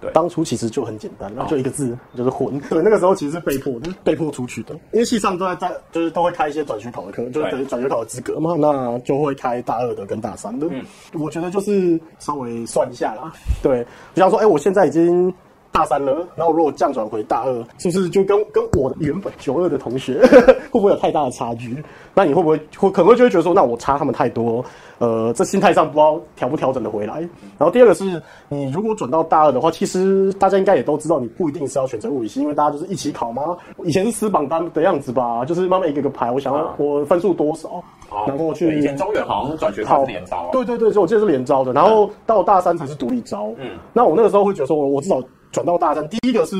對，當初其實就很簡單，然後就一個字，oh. 就是混。對，那個時候其實是被迫的， 被迫出去的。因為系上都在在，就是都會開一些轉學考的課，就是等於轉學考的資格嘛，那就會開大二的跟大三的。對我覺得就是稍微算一下啦。嗯、對，比方說，哎、欸，我現在已經。大三了，那我如果降轉回大二，是、就、不是就跟跟我原本九二的同學呵呵會不會有太大的差距？那你會不會，會可能會就會覺得說，那我差他們太多？呃，這心態上不知道調不調整得回來。然後第二個是你如果轉到大二的話，其實大家應該也都知道，你不一定是要選擇物理系，因為大家就是一起考嘛。以前是吃榜單的樣子吧，就是慢慢一個個排。我想要我分數多少，啊啊、然後去。以前中原好像轉學他是連招，連招啊、對對對，所以我記得是連招的。然後到大三才是獨立招。嗯，那我那個時候會覺得說，我我至少、嗯。轉到大三，第一個是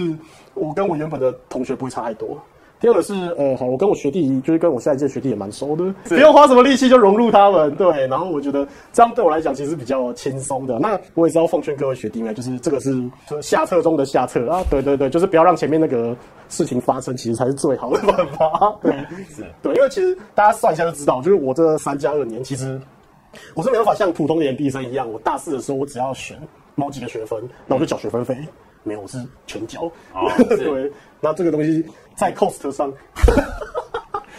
我跟我原本的同學不會差太多。第二個是，呃，好，我跟我學弟，就是跟我現在屆學弟也蠻熟的，是不用花什麼力氣就融入他們。對，然後我覺得這樣對我來講其實比較輕鬆的。那我也是要奉勸各位學弟妹，就是這個是，是下策中的下策啊，對對對，就是不要讓前面那個事情發生，其實才是最好的辦法。對， 對，是對，因為其實大家算一下就知道，就是我這三加二年，其實我是沒辦法像普通研畢業生一樣，我大四的時候我只要選某幾個學分，那我就繳學分費。嗯沒有，我是拳腳。對，那這個東西在 cost 上，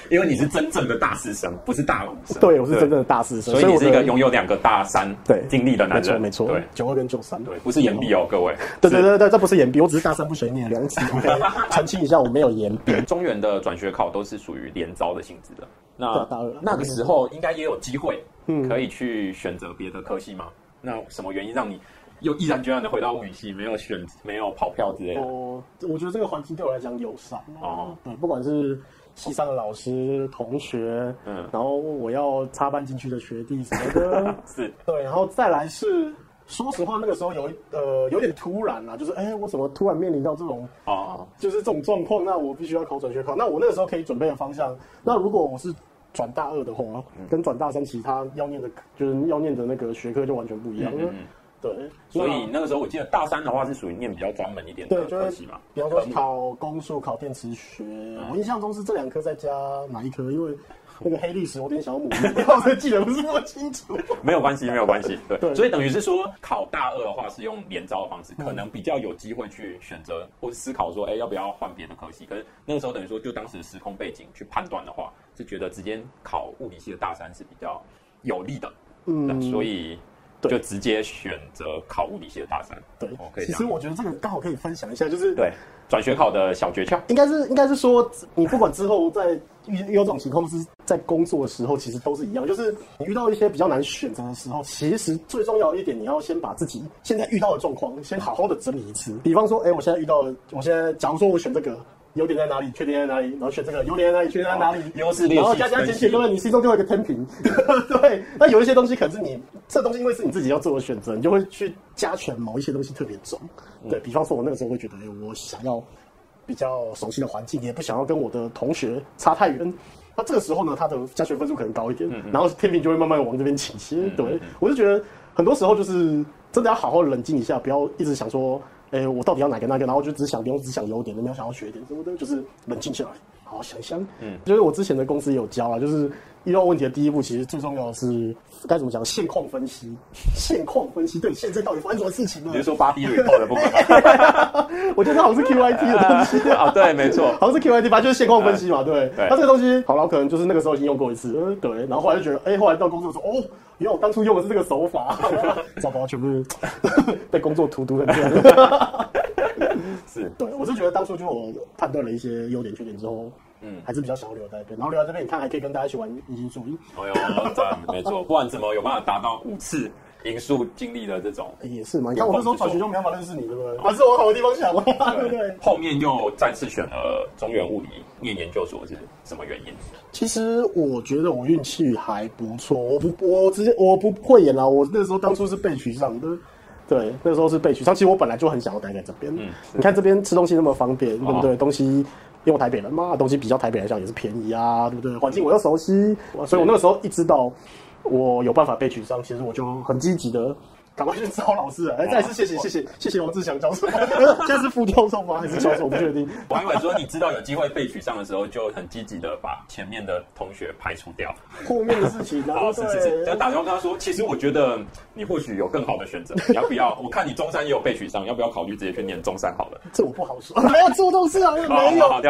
因為你是真正的大四生，不是大五生。對，我是真正的大四生，所以你是一個擁有兩個大三經歷的男人。沒錯，九二跟九三，對，不是延畢哦，各位。對對對對，這不是延畢，我只是大三不學你了兩次。澄清一下，我沒有延畢。中原的轉學考都是屬於聯招的性質的。那那個時候應該也有機會，可以去選擇別的科系嗎？那什麼原因讓你？又毅然決然地回到物理系，沒有選，沒有跑票之類的。哦，我覺得這個環境對我來講友善哦，對，不管是系上的老師、同學，嗯，然後我要插班進去的學弟什麼的， 是對，然後再來是，說實話，那個時候有一呃有一點突然啊，就是哎、欸，我怎麼突然面臨到這種啊，哦、就是這種狀況？那我必須要考轉學考。那我那個時候可以準備的方向，那如果我是轉大二的話，跟轉大三其他要念的，就是要念的那個學科就完全不一樣，嗯嗯嗯對，所以那個時候我記得大三的話是屬於念比較專門一點的科系嘛，比方說考工數、考電磁學。我印象中是這兩科再加哪一科，因為那個黑歷史我有點小模糊，我記得不是那麼清楚。沒有關係，沒有關係。對，所以等於是說考大二的話是用聯招的方式，可能比較有機會去選擇或是思考說，哎，要不要換別的科系？可是那個時候等於說就當時時空背景去判斷的話，是覺得直接考物理系的大三是比較有利的。嗯，所以。對就直接選擇考物理系的大三。對，OK。哦、其實我覺得這個剛好可以分享一下，就是對轉學考的小訣竅，應該是應該是說，你不管之後在遇，遇到這種情況是在工作的時候，其實都是一樣，就是你遇到一些比較難選擇的時候，其實最重要一點，你要先把自己現在遇到的狀況先好好的整理一次。比方說，哎、欸，我現在遇到了，我現在假如說我選這個。優點在哪裡？缺點在哪裡？然後選這個優點在哪裡？缺點在哪裡？啊、優勢，然後加加減減，各位，你心中就會有一個天平，嗯。對，那有一些東西，可是你這東西，因為是你自己要做的選擇，你就會去加權某一些東西特別重。對，比方說，我那個時候會覺得，哎、欸，我想要比較熟悉的環境，也不想要跟我的同學差太遠。那這個時候呢，他的加權分數可能高一點，嗯、然後天平就會慢慢往這邊傾斜。對，我就覺得很多時候就是真的要好好冷靜一下，不要一直想說。哎、欸，我到底要哪個那個？然後就只想點，我只想優點，沒有想要缺點什麼的，就是冷靜下來，好好想想。嗯，就是我之前的公司也有教啊，就是。遇到問題的第一步，其實最重要的是該怎麼講？現況分析，現況分析。對，現在到底發生什麼事情呢？比如說 8D 報告了，不管。我覺得好像是 QIT 的東西啊，對，沒錯，好像是 QIT 反正就是現況分析嘛，對。那這個東西，好了，可能就是那個時候已經用過一次，嗯，對。然後後來就覺得，哎，後來到工作的時候，哦，原來我當初用的是這個手法，糟糕，全部被工作荼毒了。是對，我是覺得當初就判斷了一些優點缺點之後。嗯，還是比較想要留在這邊。然後留在這邊，你看，還可以跟大家一起玩銀數，哎呦，對、呃、沒錯。不然怎麼有辦法達到五次因素？經歷的這種？也是嘛。你看，我那時候轉學就沒辦法認識你，對不對？哦、還是我好多地方想嘛。對。對對，後面又再次選了中原物理念研究所，是什麼原因？其實我覺得我運氣還不錯。我不，我直接我不會演了、啊。我那時候當初是被取上的，對。那時候是被取上。其實我本來就很想要待在這邊。嗯。你看這邊吃東西那麼方便，對、哦、不對？東西。因為台北人嘛，東西比較台北來講也是便宜啊，對不對？環境我又熟悉，嗯、所以我那個時候一知道我有辦法被取上，其實我就很積極的。趕快去找老師啊！再次謝謝謝謝謝謝王志祥教授，現在是副教授嗎？還是教授？我不確定。王一偉說：“你知道有機會備取上的時候，就很積極的把前面的同學排除掉，後面的事情，然後是是是。老大雄跟他說：“其實我覺得你或許有更好的選擇，要不要？我看你中山也有備取上，要不要考慮直接去念中山好了？這我不好說，沒有做董事啊，沒有，沒有，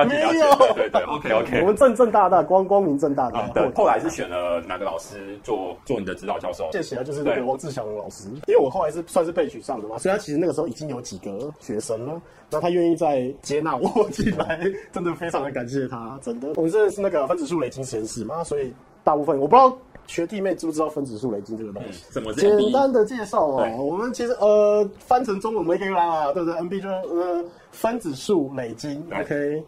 對對，OK OK。我們正正大大光光明正大的。對，後來是選了哪個老師做做你的指導教授？謝謝啊，就是那個王志祥老師。”因為我後來是算是被取上的嘛，所以他其實那個時候已經有幾個學生了，那他願意再接納我進來，真的非常的感謝他。真的，我們真是，是那個分子束磊晶實驗室嘛，所以大部分我不知道學弟妹知不知道分子束磊晶這個東西，怎、嗯、簡單的介紹哦、喔。對我們其實呃翻成中文沒給來啊，對不對？MBE 就是呃分子束磊晶、嗯、，OK，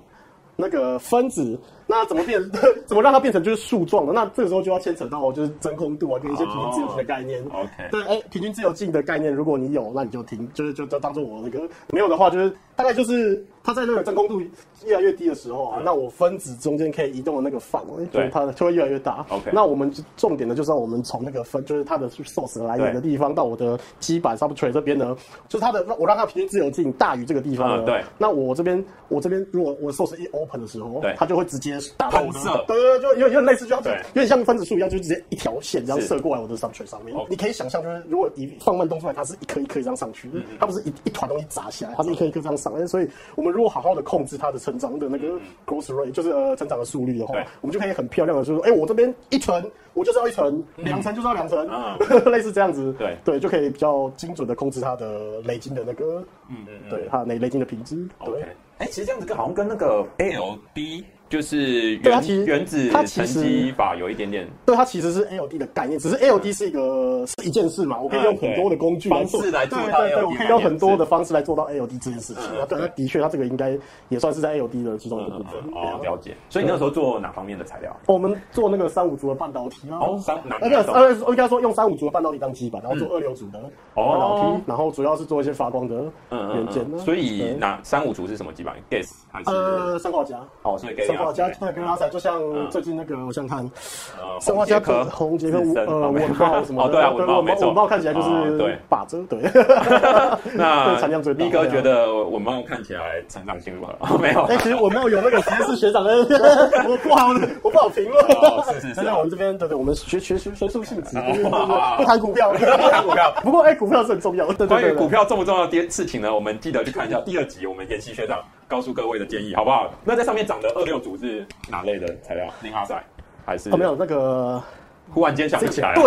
那個分子。那怎麼變？ 怎麼讓它變成就是樹狀的？那這個時候就要牽扯到就是真空度啊，跟一些平均自由徑的概念。Oh, OK，對，哎、欸，平均自由徑的概念，如果你有，那你就停，就是就就當做我那個沒有的話，就是大概就是。它在那個真空度越來越低的時候啊，那我分子中間可以移動的那個範圍，對，它就會越來越大。OK，那我們重點呢，就是我們從那個分，就是它的 source 來源的地方到我的基板 substrate 這邊呢，就是它的我讓它平均自由徑大於這個地方了。對，那我這邊我這邊如果我 source 一 open 的時候，對，它就會直接打到。色。對對，就有點有點類似，就要，有點像分子束一樣，就直接一條線這樣射過來我的 substrate 上面。你可以想象，就是如果你放慢動出來，它是一顆一顆這樣上去，它不是一一團東西砸下來，它是一顆一顆這樣上來。所以，我們。如果好好的控制它的成長的那個 growth rate，就是呃成長的速率的話，對我們就可以很漂亮的就是說，哎、欸，我這邊一層，我就是要一層，兩層就是要兩層，嗯、 類似這樣子，對對，就可以比較精準的控制它的磊晶的那個，嗯嗯對它磊磊晶的品質。嗯嗯、對，哎 Okay.、欸，其實這樣子跟好像跟那個 L B。欸 LD 就是原子原子它沉積法有一點點，對它其實是 A L D 的概念，只是 A L D 是一個是一件事嘛。我可以用很多的工具方式來對對，我可以用很多的方式來做到 A L D 這件事情。對，的確，它這個應該也算是在 A L D 的其中一個部分。哦，了解。所以你那時候做哪方面的材料？我們做那個三五族的半導體哦三那個當然應該說用三五族的半導體當基板，然後做二六族的半導體然後主要是做一些發光的元件。所以那三五族是什麼基板？Gaas 還是呃三氧化鎵哦，所以 g 哇，杰克跟阿彩就像最近那個，我想看《生化嬌殼》紅杰克，呃，穩報什麼？對啊，穩報沒穩報看起來就是把着。對，那長江最米哥覺得穩報看起來成長性弱啊？沒有，哎，其實穩報有那個實驗室學長的，我不好，我不好評論。是是，現在我們這邊對對，我們學學學學術性質，不談股票，不談股票。不過哎，股票是很重要。關於股票重不重要這件事情呢，我們記得去看一下第二集，我們嚴習學長。告訴各位的建議，好不好？那在上面長的二六組是哪類的材料？零哈賽還是哦，沒有那個忽然間想不起來？對，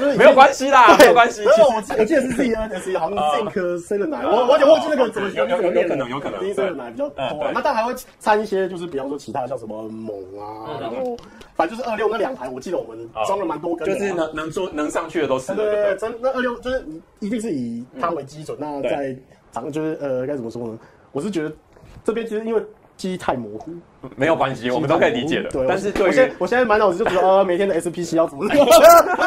就是沒有關係啦，沒有關係。而且我我記得是 ZNC，好像是 i n c Silicon，我我有點忘記那個怎麼寫，有有可能，有可能，Zinc s i 比較多。那但還會摻一些，就是比方說其他的，像什麼錳啊，反正就是二六那兩排，我記得我們裝了蠻多根，就是能能做能上去的都是。對，那二六就是一定是以它為基準。那在長，就是呃，該怎麼說呢？我是覺得。這邊其實因為記憶太模糊。沒有關係，我們都可以理解的。對，但是對於我現在滿腦子就覺得，呃，每天的 SPC 要怎麼做？滿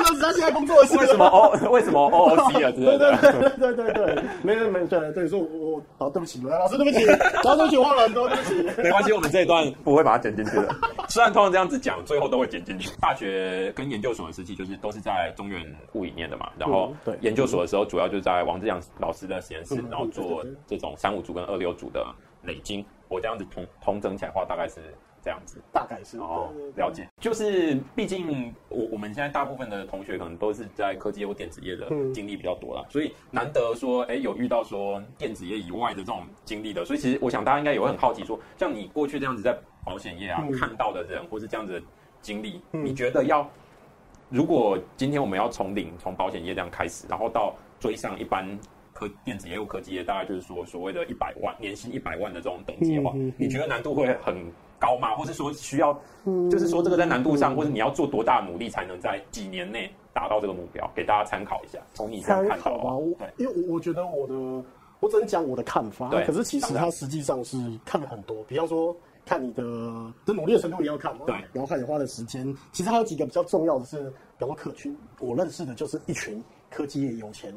腦子他現在工作的是什麼？哦，為什麼 OOC 啊？對對對對對對，沒沒對對，說我我，好對不起，老師對不起，老師，我忘了很多，對不起。沒關係，我們這一段不會把它剪進去的。雖然通常這樣子講，最後都會剪進去。大學跟研究所的時期，就是都是在中原物理念的嘛。然後研究所的時候，主要就是在王志祥老師的實驗室，然後做這種三五組跟二六組的。累積，我這樣子統統整起來的話，大概是這樣子。大概是哦，了解。對對對，就是畢竟我我們現在大部分的同學可能都是在科技業或電子業的經歷比較多啦，嗯、所以難得說，哎，有遇到說電子業以外的這種經歷的，所以其實我想大家應該也會很好奇說，說像你過去這樣子在保險業啊、嗯、看到的人或是這樣子的經歷，嗯、你覺得要如果今天我們要從零從保險業這樣開始，然後到追上一般。科電子也有科技業，大概就是說，所謂「的一百萬年薪一百萬的這種等級的話，你覺得難度會很高嗎？或者說需要，就是說這個在難度上，或者你要做多大的努力才能在幾年內達到這個目標？給大家參考一下，從你這看到。因為我，我覺得我的，我只能講我的看法。對，可是其實他實際上是看了很多，比方說看你的的努力的程度，也要看，對，然後看你花的時間。其實還有幾個比較重要的是，是比方說客群，我認識的就是一群科技業有錢。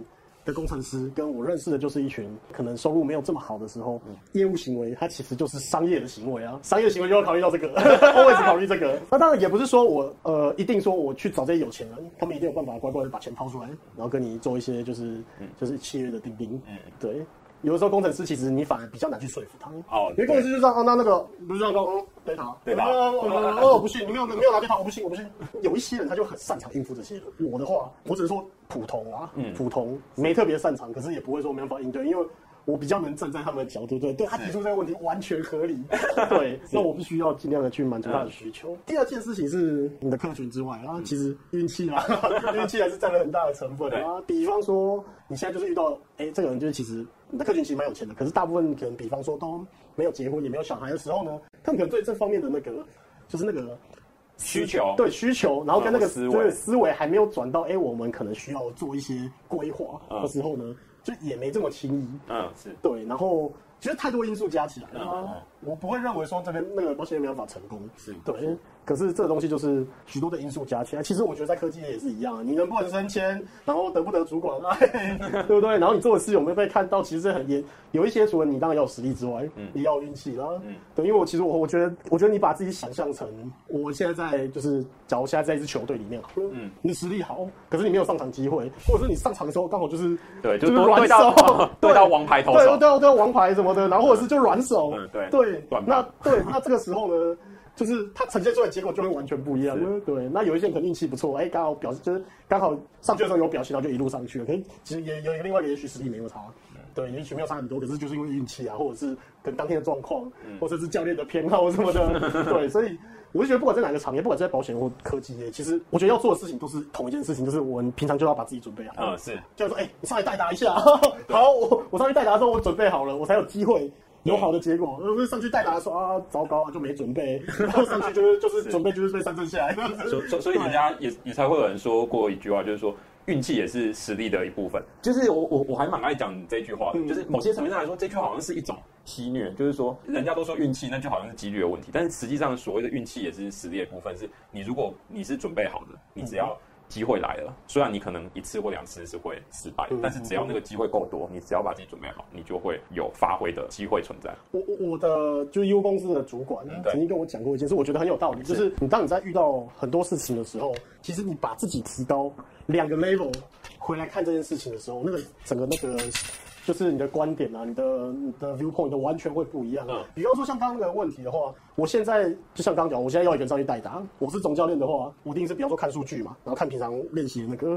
的工程師跟我認識的就是一群，可能收入沒有這麼好的時候，嗯、業務行為它其實就是商業的行為啊，商業行為就要考慮到這個 ，Always 考慮這個。 那當然也不是說我呃一定說我去找這些有錢人，他們一定有辦法乖乖的把錢掏出來，然後跟你做一些就是、嗯、就是契約的訂定。嗯、對。有的時候工程師其實你反而比較難去說服他哦，因為工程師就這樣，那那個就像說對他對他哦，不信你沒有沒有拿對他我不信我不信，有一些人他就很擅長應付這些人，我的話我只是說普通啊，普通沒特別擅長，可是也不會說沒辦法應對，因為我比較能站在他們的角度，對，對他提出這個問題完全合理。對，那我必須要盡量的去滿足他的需求。第二件事情是你的客群之外，然後其實運氣啊，運氣還是占了很大的成分啊。比方說你現在就是遇到哎這個人就是其實。那客群其實蠻有錢的，可是大部分可能，比方說都沒有結婚，也沒有小孩的時候呢，他們可能對這方面的那個就是那個需求，需求對需求，然後跟那個思維思維還沒有轉到，哎、欸，我們可能需要做一些規劃的時候呢，嗯、就也沒這麼輕易，嗯，對，然後其實、就是、太多因素加起來了。嗯啊我不會認為說這邊那個東西沒有辦法成功，是對。可是這個東西就是許多的因素加起來。其實我覺得在科技也是一樣，你能不能升遷，然後得不得主管對不對？然後你做的事有沒有被看到，其實很嚴。有一些除了你當然要有實力之外，嗯，你要運氣啦，嗯，對。因為我其實我我覺得，我覺得你把自己想象成我現在在就是，假如現在在一支球隊裡面嗯，你的實力好，可是你沒有上場機會，或者說你上場的時候剛好就是對，就對手，對到王牌投手，對對對，王牌什麼的，然後或者是就軟手，對，對。對那對，那這個時候呢，就是它呈現出來的結果就會完全不一樣。是對，那有一些人可能運氣不錯，哎、欸，剛好表示就是剛好上去的時候有表情，然後就一路上去了。可是其實也有另外一個，也許實力沒有差，對，也許沒有差很多，可是就是因為運氣啊，或者是可能當天的狀況，或者是教練的偏好什麼的。對，所以我就覺得不管在哪個場也不管是在保險或科技，欸，其實我覺得要做的事情都是同一件事情，就是我們平常就要把自己準備好。嗯、哦，是，就是說，哎、欸，你上去代打一下，好，對我我上去代打之後我準備好了，我才有機會，有好的結果，然後上去代打的時候啊，糟糕，就沒準備，然後上去就是就是準備就是被三振下來。所是 所以，人家也也才會有人說過一句話，就是說運氣也是實力的一部分。就是我我我還蠻愛講這句話的，嗯、就是某些層面上來說，這句話好像是一種戲謔，就是說人家都說運氣，那就好像是幾率的問題。但是實際上，所謂的運氣也是實力的部分，是你如果你是準備好的，你只要。嗯機會來了，雖然你可能一次或兩次是會失敗，但是只要那個機會夠多，你只要把自己準備好，你就會有發揮的機會存在。我我我的就是優公司的主管曾經跟我講過一件事，我覺得很有道理，是就是你當你在遇到很多事情的時候，其實你把自己提高兩個 level 回來看這件事情的時候，那個整個那個。就是你的觀點啊，你的你的 viewpoint 都完全會不一樣。啊。嗯、比方說像剛剛那個問題的話，我現在就像剛剛講，我現在要一個人上去代打。我是總教練的話，我一定是比方說看數據嘛，然後看平常練習的那個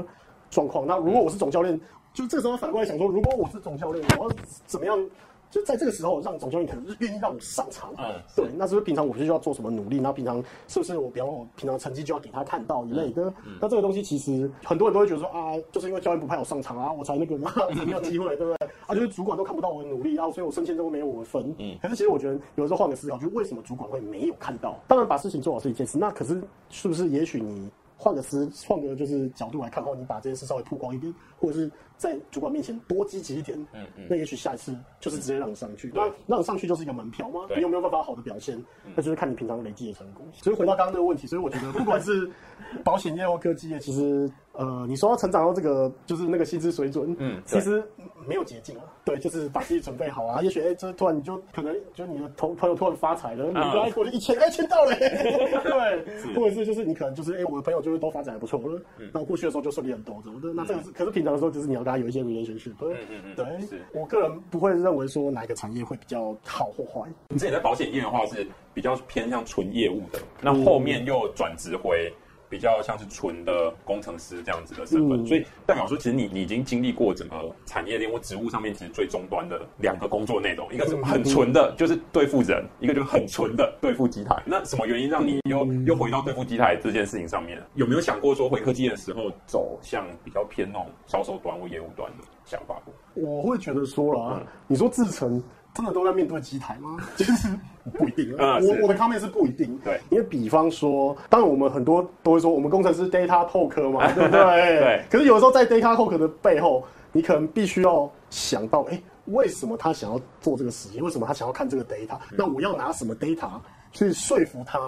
狀況。那如果我是總教練，嗯、就這時候反過來想說，如果我是總教練，我要怎麼樣？就在這個時候，讓總教練可能是願意讓我上場。嗯，對，那是不是平常我就要做什麼努力？那平常是不是我比方說？我平常成績就要給他看到一類的？嗯嗯、那這個東西其實很多人都會覺得說啊，就是因為教練不派我上場啊，我才那個那才沒有機會，嗯、對不對？是啊，就是主管都看不到我的努力啊，所以我升遷之後沒有我的分。嗯，可是其實我覺得，嗯、有的時候換個思考，就為什麼主管會沒有看到？當然，把事情做好是一件事，那可是是不是？也許你換個思，換個就是角度來看後，你把這件事稍微曝光一點。或者是在主管面前多積極一點，嗯，那也許下一次就是直接讓你上去。那讓你上去就是一個門票嗎？你有沒有辦法好的表現？那就是看你平常累積的成果。所以回到剛剛那個問題，所以我覺得不管是保險業或科技業，其實呃，你說要成長到這個就是那個薪資水準，嗯，其實沒有捷徑啊。對，就是把自己準備好啊。也許哎，這突然你就可能就你的同朋友突然發財了，你哎，過了一千，哎，簽千到了。對，或者是就是你可能就是哎，我的朋友就是都發展還不錯，了那然後過去的時候就順利很多。怎麼的，那這個是，可是平常。到時候就是你要跟他有一些 relationship，對，嗯嗯嗯對是我個人不會認為說，哪一個產業會比較好或壞。你自己在保險業的話是比較偏向純業務的，那後，後面又轉職回，嗯比較像是純的工程師這樣子的身份、嗯，所以代表說，其實你已經經歷過整個產業鏈或職務上面其實最終端的兩個工作內容，一個是很純的，就是對付人；嗯、一個就是很純的對付機台。嗯、那什麼原因讓你又、嗯、又回到對付機台這件事情上面？有沒有想過說回科技的時候走向比較偏那種銷售端或業務端的想法？我會覺得說啦，嗯、你說製程。真的都在面對機台嗎？就是，不一定、啊。 嗯、我是我的 comment 是不一定。對，因為比方說，當然我們很多都會說，我們工程師 data talker、嘛對不對？ 對。可是有的時候在 data talker、的背後，你可能必須要想到，哎，為什麼他想要做這個實驗？為什麼他想要看這個 data？、嗯、那我要拿什麼 data 去說服他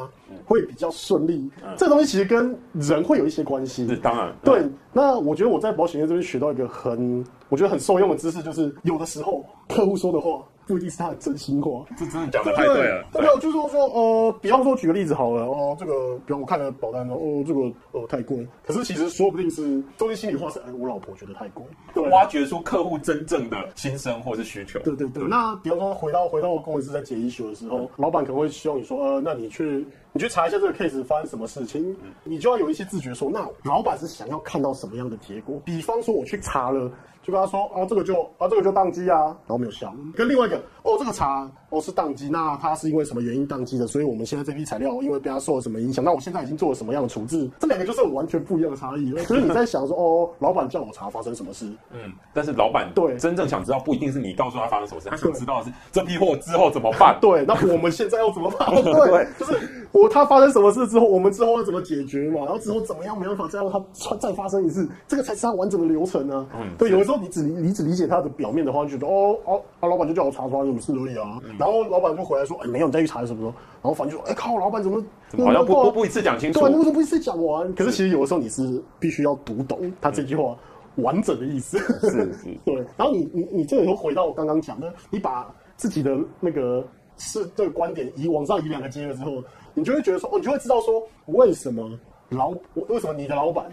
會比較順利？嗯、這東西其實跟人會有一些關係。是當然。對。嗯、那我覺得我在保險業這邊學到一個很，我覺得很受用的知識，就是有的時候客戶說的話。不一定是他的真心話，這真的講的太對了。沒有，就是對對說，說呃，比方說舉個例子好了哦、呃，這個比方我看了保單哦、呃，這個呃太貴，可是其實說不定是中間心裡話是，哎，我老婆覺得太貴。對對挖掘出客戶真正的心聲或是需求，對，對對對。對，那比方說回到回到公司，在解衣袖的時候，嗯、老板可能會希望你說，呃，那你去你去查一下這個 case 發生什麼事情，嗯、你就要有一些自覺說，說那老板是想要看到什麼樣的結果？比方說我去查了。就跟他說，啊，這個就，啊，這個就當機啊，然後沒有笑。跟另外一個，哦，這個茶。都、哦、是宕機，那它是因為什麼原因宕機的？所以我們現在這批材料因為被它受了什麼影響？那我現在已經做了什麼樣的處置？這兩個就是完全不一樣的差異。所以你在想說， 哦，老闆叫我查發生什麼事？嗯，但是老闆對真正想知道不一定是你告訴他發生什麼事，他想知道的是對這批貨之後怎麼辦？對，那我們現在要怎麼辦？ 對，對是就是我他發生什麼事之後，我們之後要怎麼解決嘛？然後之後怎麼樣沒辦法再讓他再發生一次，這個才是他完整的流程呢、啊。嗯、對，有的時候你只是你只理解他的表面的話，就覺得哦哦，啊、老闆就叫我查查有什麼事而已啊。嗯然後老闆就回來說：“哎，沒有，你再去查什麼什麼。”然後反正就說：“哎靠，老闆怎麼怎麼好像不不不一次講清楚？對，那為什麼不一次講完？是，可是其實有的時候你是必須要讀懂他這句話、嗯、完整的意思，是 是。是對，然後你你你這又回到我剛剛講的，你把自己的那個是這個觀點移往上移兩個階了之後，你就會覺得說，哦，你就會知道說為什麼老為什麼你的老闆。”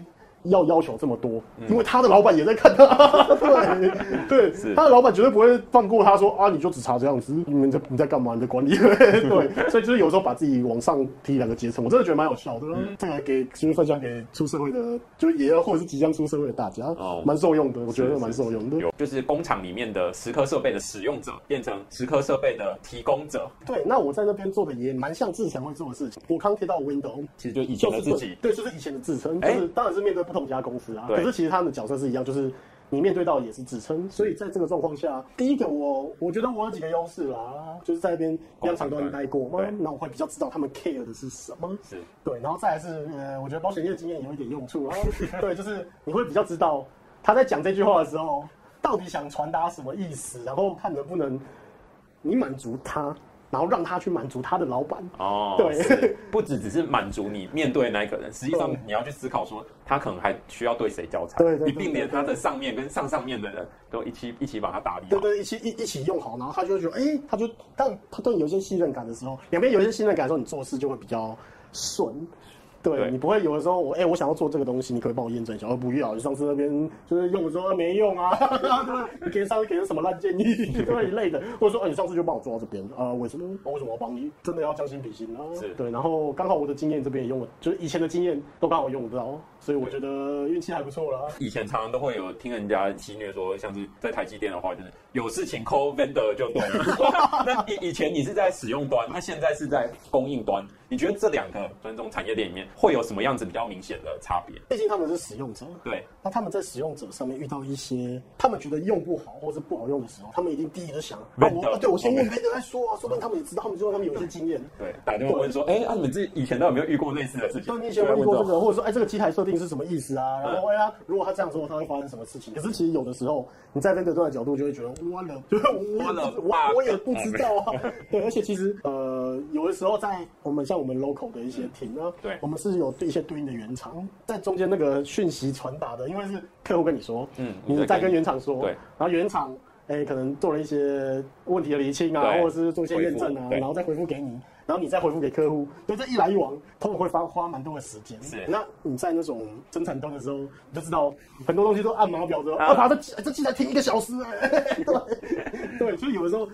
要要求這麼多，因為他的老闆也在看他。嗯、 對，對，是他的老闆絕對不會放過他說，說啊，你就只查這樣子，你們在你在幹嘛？你在管理，對， 對，所以就是有時候把自己往上提兩個階層，我真的覺得蠻搞笑的。嗯、再來給其實分享給出社會的，就也要或者是即將出社會的大家哦，蠻受用的，是是是我覺得蠻受用的。有，就是工廠裡面的蝕刻設備的使用者，變成蝕刻設備的提供者。對，那我在那邊做的也蠻像之前會做的事情。我剛提到 window 其實就以前的就是自己，對，就是以前的自稱，欸、就是當然是面對。同一家公司啊，對可是其實他們的角色是一樣，就是你面對到的也是支撐，所以在這個狀況下，第一個我我覺得我有幾個優勢啦，就是在那邊工廠端待過，對那我會比較知道他們 care 的是什麼，是對，然後再來是呃，我覺得保險業的經驗有一點用處哦、啊， 對，就是你會比較知道他在講這句話的時候到底想傳達什麼意思，然後看能不能你滿足他。然後讓他去滿足他的老闆哦，對，不止只，只是滿足你面對的那一個人，實際上你要去思考說，對他可能還需要對誰交差，對，對，對，對，對，對你避免他的上面跟上上面的人都一起一起，一起把他打理好，對，對對，一起一一起用好，然後他就覺得，誒、欸，他就當他對你有些信任感的時候，兩邊有些信任感，的時候，你做事就會比較順。對,對你不會有的時候，我、欸、哎，我想要做這個東西，你可,可以幫我驗證一下。哦，不要你上次那邊就是用的時候沒用啊，嗯、 對你給上給什麼爛建議，這一類的，或者說，哦、欸，你上次就幫我做到這邊啊、呃，為什麼我為什麼我要幫你？真的要將心比心啊。是對，然後剛好我的經驗這邊也用了，就是以前的經驗都剛好用得到。我不知道所以我覺得運氣還不錯了。以前常常都會有聽人家戲謔說，像是在台積電的話，就是有事情 call vendor 就懂。以以前你是在使用端，那現在是在供應端。你覺得這兩個端中產業鏈裡面會有什麼樣子比較明顯的差別？畢竟他們是使用者。對。那他們在使用者上面遇到一些他們覺得用不好或者不好用的時候，他們一定第一個想，我對我先問 vendor 說啊，說不定他們也知道，他們知道他們有一些經驗。對，打電話問說，哎，那你們這以前都有沒有遇過類似的事情？都以前遇過這個或者說，哎，這個機台設定。是什麼意思啊？然後、哎、呀，如果他這樣說，他會發生什麼事情？可是其實有的時候，你在另一個角度，就會覺得哇冷，就是我我也我，我也不知道啊。對，而且其實呃，有的時候在我們像我們 local 的一些廳呢、嗯，對，我們是有一些對應的原廠在中間那個訊息傳達的，因為是客戶跟你說，嗯，你在跟原廠說，對，然後原廠哎，可能做了一些問題的釐清啊，對或者是做一些驗證啊，然後再回復給你。然後你再回復給客戶，對，這一來一往，他們會花花蠻多的時間。是。那你在那種生產端的時候，你就知道很多東西都按秒錶走，啊、啊，這這機台停一個小時，欸，對 對，所以 有的時候，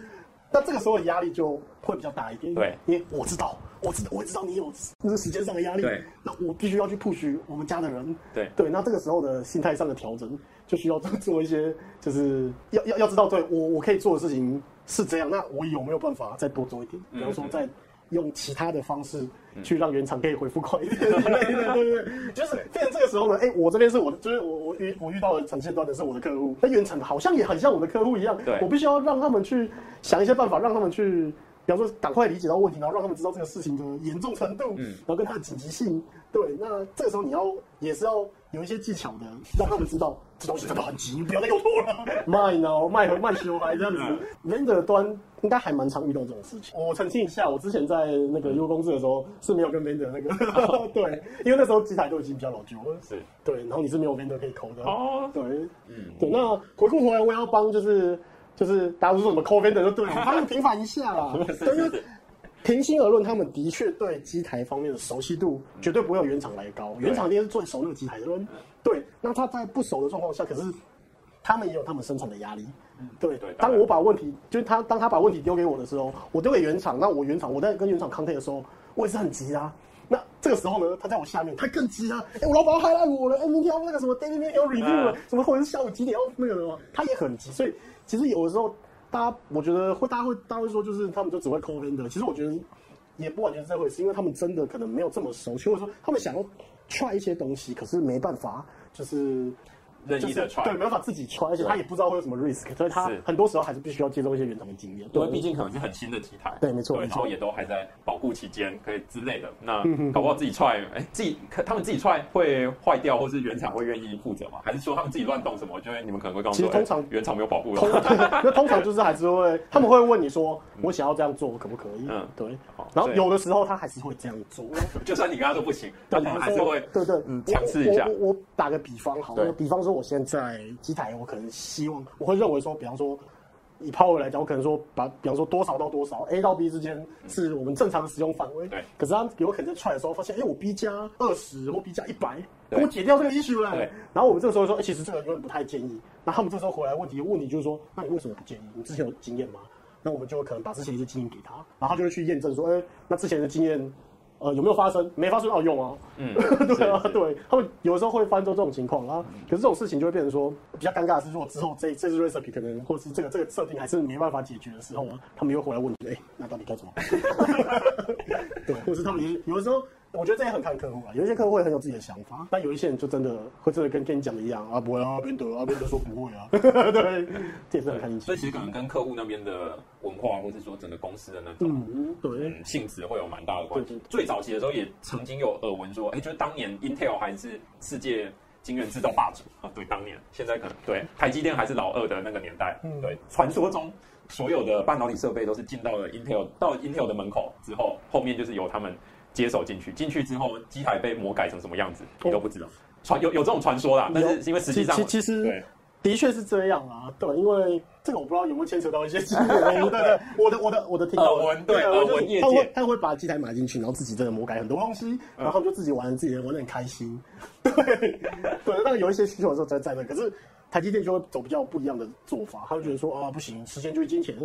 那這個時候的壓力就會比較大一點。對，因為我知道，我知道，我知道你有那個時間上的壓力。對。那我必須要去 push 我們家的人。對。對。那這個時候的心態上的調整，就需要做做一些，就是要要要知道，對我我可以做的事情是這樣，那我有沒有辦法再多做一點？嗯、比如說在。嗯用其他的方式去讓原廠可以回復快一點，嗯、 對對對，就是變成這個時候呢，哎、欸，我這邊是我的，就是我我遇我遇到的呈現端的是我的客戶，那、嗯、原廠好像也很像我的客戶一樣，對我必須要讓他們去想一些辦法，讓他們去，比方說趕快理解到問題，然後讓他們知道這個事情的嚴重程度，嗯，然後跟他的緊急性，對，那這個時候你要也是要。有一些技巧的，讓他們知道這東西真的很急，不要再搞錯了。賣呢，賣和賣修懷這樣子。vendor 端應該還蠻常遇到這種事情。我澄清一下，我之前在那個 U 公司的時候是沒有跟 vendor 那個對，因為那時候機台都已經比較老舊了。是對，然後你是沒有 vendor 可以扣的。哦，對，嗯，對。那回過頭來，我要幫就是就是，大家都說什麼摳 vendor 就對了，他要平反一下啦，對。平心而論，他們的確對機台方面的熟悉度絕對不會有原廠來高。嗯、原廠應該是最熟那個機台的人，對、嗯、對。那他在不熟的狀況下，可是他們也有他們生存的壓力。對、嗯、對。對當我把問題、嗯、就是他當他把問題丟給我的時候，我丟給原廠。那我原廠我在跟原廠 contact 的時候，我也是很急啊。那這個時候呢，他在我下面，他更急啊。哎、欸，我老板要害賴我了。哎、欸，明天要那個什麼 daily review 了，嗯、什麼、嗯、或者是下午幾點要那個了，他也很急。所以其實有的時候。大家，我覺得會，大家會，大家會說，就是他們就只會 call vendor，其實我覺得也不完全是這回事，因為他們真的可能沒有這麼熟悉，或者說他們想要 try 一些東西，可是沒辦法，就是。任意的踹對，沒法自己踹，而且他也不知道會有什麼 risk。所以他很多時候還是必須要接受一些原廠的經驗，因為畢竟可能是很新的機台。對，沒錯，沒錯，然後也都還在保護期間，可以之類的。那搞不好自己踹，哎，自己他們自己踹會壞掉，或是原廠會願意負責嗎？還是說他們自己亂動什麼？因為你們可能會告訴，其實通常原廠沒有保護。那通常就是還是會，他們會問你說：“我想要這樣做，我可不可以？”嗯，對。然後有的時候他還是會這樣做。就算你跟他說不行，但他還是會，對對，嘗試一下。我打個比方，好，比方說。那我現在機台，我可能希望我會認為說，比方說，以 Power 來講，我可能說把比方說多少到多少，A 到 B 之間是我們正常的使用範圍。對。可是他我可能在踹的時候發現，哎，我 B 加二十或 B 加一百，給我對解掉這個 issue 對然後我們這個時候說、欸，其實這個有點不太建議。那他們這個時候回來問題，問題就是說，那你為什麼不建議？你之前有經驗嗎？那我們就會可能把這些一些經驗給他，然後他就會去驗證說，哎、欸，那之前的經驗。呃，有沒有發生？沒發生要用啊？嗯， 對啊，對他們有的時候會發生這種情況，然後、嗯、可是這種事情就會變成說比較尷尬的是，說我之後這這支 recipe 可能，或是這個這個設定還是沒辦法解決的時候啊，他們又回來問你，哎、欸，那到底該怎麼辦？ 對，或是他們有的時候。我覺得這也很看客戶啊，有一些客戶會很有自己的想法，但有一些人就真的會真的跟跟你講的一樣啊，不會啊，別得啊，別得、啊、說不會啊。 對，這也是很看你，所以其實可能跟客戶那邊的文化，或者是說整個公司的那種嗯,對嗯性質，會有蠻大的關係。最早期的時候也曾經有耳聞說，哎、欸，就是當年 Intel 還是世界晶圓制造霸主、嗯、啊，對，當年現在可能對台積電還是老二的那個年代，嗯、對，傳說中所有的半導體設備都是進到了 Intel 到了 Intel 的門口之後，後面就是由他們。接手進去，進去之後機檯被魔改成什麼樣子，你、哦、都不知道。傳有有這種傳說啦，有但是，是因為實際上，其其，其實對的確是這樣啊。對，因為這個我不知道有沒有牽扯到一些機密東西。 對，對對，我的我的我的聽聞、呃，對，對，對、呃、他會他會把機台買進去，然後自己真的魔改很多東西，然後就自己玩、呃、自己玩的很開心。對 對，那有一些需求的時候在在那，可是。台積電就會走比較不一樣的做法，他就覺得說啊，不行，時間就是金錢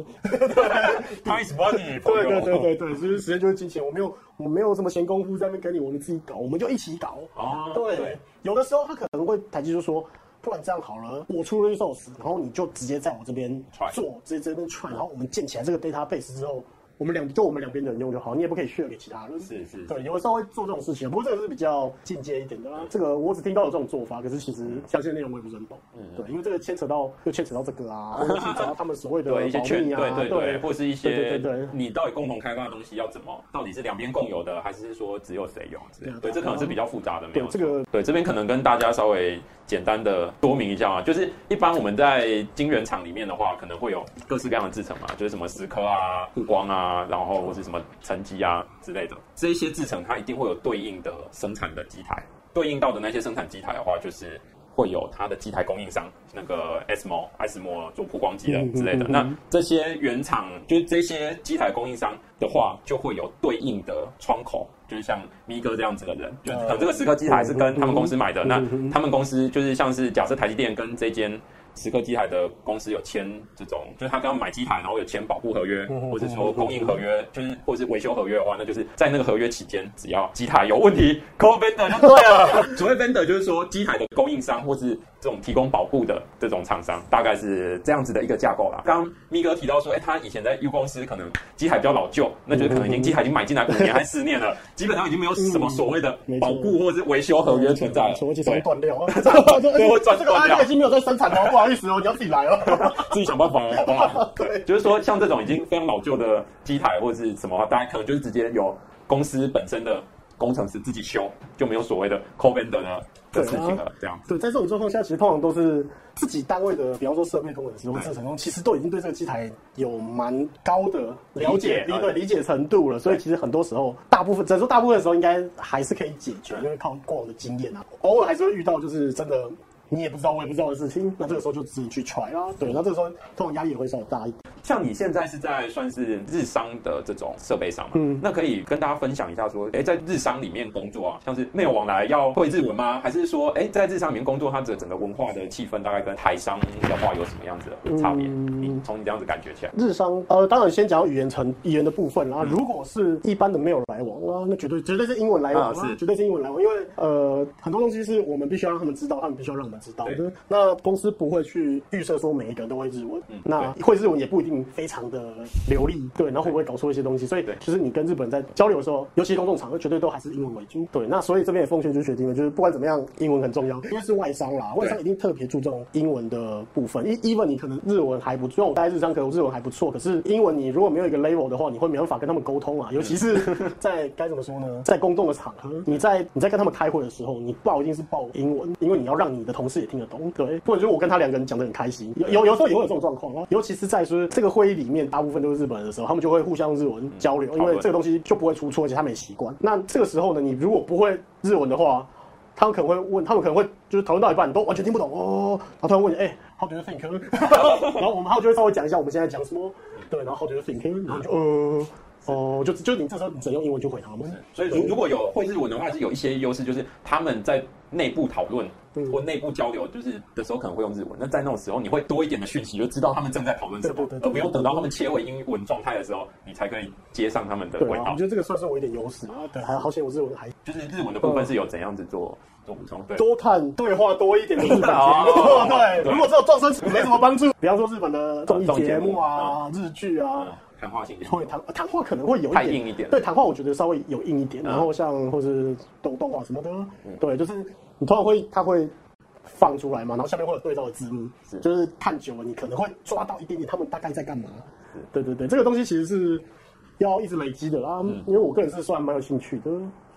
，Time is 對 他你對對對對，就是時間就是金錢。我沒有我沒有什麼閒工夫在那邊給你，我們自己搞，我們就一起搞。啊，對,對,對。有的時候他可能會台積就說，不然這樣好了，我出了 resource，然後你就直接在我這邊做，Try. 直接這邊串，然後我們建起來這個 database 之後。我們兩就我們兩邊的人用就好，你也不可以 share 給其他人。是是，對，有的時候會做這種事情，不過這個是比較進階一點的啦。這個我只聽到有這種做法，可是其實詳細內容我也不是很懂。嗯，對，因為這個牽扯到就牽扯到這個啊，或是他們所謂的保密啊，對對，或是一些對對對，你到底共同開發的東西要怎麼？到底是兩邊共有的，還是說只有誰有？這樣？對，這可能是比較複雜的。沒有。這個，對這邊可能跟大家稍微簡單的說明一下啊，就是一般我們在晶圓廠裡面的話，可能會有各式各樣的製程嘛，就是什麼蝕刻啊、曝光啊。啊，然後或是什麼沉積啊之類的，這些製程它一定會有對應的生產的機台，對應到的那些生產機台的話，就是會有它的機台供應商，那個 ASML、ASML 做曝光機的之類的。嗯嗯嗯嗯、那這些原廠，就這些機台供應商的話，就會有對應的窗口，就是像咪哥這樣子的人，嗯、就等這個蝕刻機台是跟他們公司買的，那他們公司就是像是假設台積電跟這間。蝕刻機台的公司有簽這種，就是他剛剛買機台，然後有簽保固合約，或者說供應合約，就是或者是維修合約的話，那就是在那個合約期間，只要機台有問題 call vendor 就對了。 所謂 vendor 就是說機台的供應商，或是這種提供保固的這種廠商，大概是這樣子的一個架構啦。剛咪哥提到說，哎、欸，他以前在 U 公司，可能機台比較老舊，那就是可能已經機台已經買進來五年還四年了， 基本上已經沒有什麼所謂的保固或者是維修合約存在了，所以就會斷掉。這個機台已經沒有在生產了。 不好意思、喔，我你要自己來哦、喔， 自己想辦法哦、啊。 對，就是說像這種已經非常老舊的機台或者是什麼話，大家可能就是直接有公司本身的工程師自己修，就沒有所謂的 call vendor 的事情了。啊、這樣對，在這種狀況下，其實通常都是自己單位的，比方說設備同仁、設備工程師對其實都已經對這個機台有蠻高的了解、理解、對理解程度了。對所以其實很多時候，大部分，只能說大部分的時候應該還是可以解決，因為對靠過往的經驗啊。偶爾還是會遇到，就是真的。你也不知道我也不知道的事情，那這個時候就自己去 try 啊。對，那這個時候通常壓力也會稍微大一點。像你現在是在算是日商的這種設備上嘛？嗯。那可以跟大家分享一下說，哎、欸，在日商裡面工作啊，像是沒有往來要會日文嗎？嗯、還是說，哎、欸，在日商裡面工作，它這整個文化的氣氛大概跟台商的話有什麼樣子的差別？嗯、你從你這樣子感覺起來，日商呃，當然先講語言層語言的部分啦。然後如果是一般的沒有來往啊，那絕對絕對是英文來往啊，是啊，絕對是英文來往，因為呃，很多東西是我們必須要讓他們知道，他們必須要讓我們。知道的，對那公司不會去預設說每一個人都會日文，嗯、那會日文也不一定非常的流利，嗯、對，然後會不會搞錯一些東西？所以，其實你跟日本人在交流的時候，尤其是公眾場合，絕對都還是英文為主。對，那所以這邊也奉勸就是學英文，就是不管怎麼樣，英文很重要。因為是外商啦，外商一定特別注重英文的部分。Even 對你可能日文還不錯，待日商可能日文還不錯，可是英文你如果沒有一個 level 的話，你會沒辦法跟他們溝通啊。尤其是在該、嗯、 怎麼說呢？在公眾的場合，嗯、你在你在跟他們開會的時候，你報一定是報英文，嗯、因為你要讓你的同事。是也聽得懂，對，或者就是我跟他兩個人講得很開心，有有時候也會有這種狀況啊，尤其是在說這個會議裡面大部分都是日本人的時候，他們就會互相日文交流，嗯、因為這個東西就不會出錯，而且他們也習慣。那這個時候呢，你如果不會日文的話，他們可能會問，他們可能會就是討論到一半你都完全聽不懂哦，然後突然問你，哎、欸、 ，How do you think？ 然後我們然後就會稍微講一下我們現在講什麼，對，然後 How do you think？啊、然後就呃哦是、呃，就就你這時候你只能用英文就回答嗎？所以如如果有會日文的話，是有一些優勢，就是他們在。內部討論或內部交流，就是的時候可能會用日文。那在那種時候，你會多一點的訊息，就知道他們正在討論什麼，而不用等到他們切回英文狀態的時候，你才可以接上他們的。對啊，我覺得這個算是我一點優勢。對，還好險，我日文還就是日文的部分是有怎樣子做做補充，多看對話多一點啊。對，如果只有撞身沒什麼幫助。比方說日本的綜藝節目啊、日劇啊。談話性會談，談話可能會有一點太硬一點。對，談話我覺得稍微有硬一點，嗯、然後像或是抖動，動啊什麼的，嗯、對，就是你通常會它會放出來嘛，然後下面會有對照的字幕，是就是看久了你可能會抓到一點點他們大概在幹嘛。是對對對，這個東西其實是要一直累積的啦，是因為我個人是算蠻有興趣的，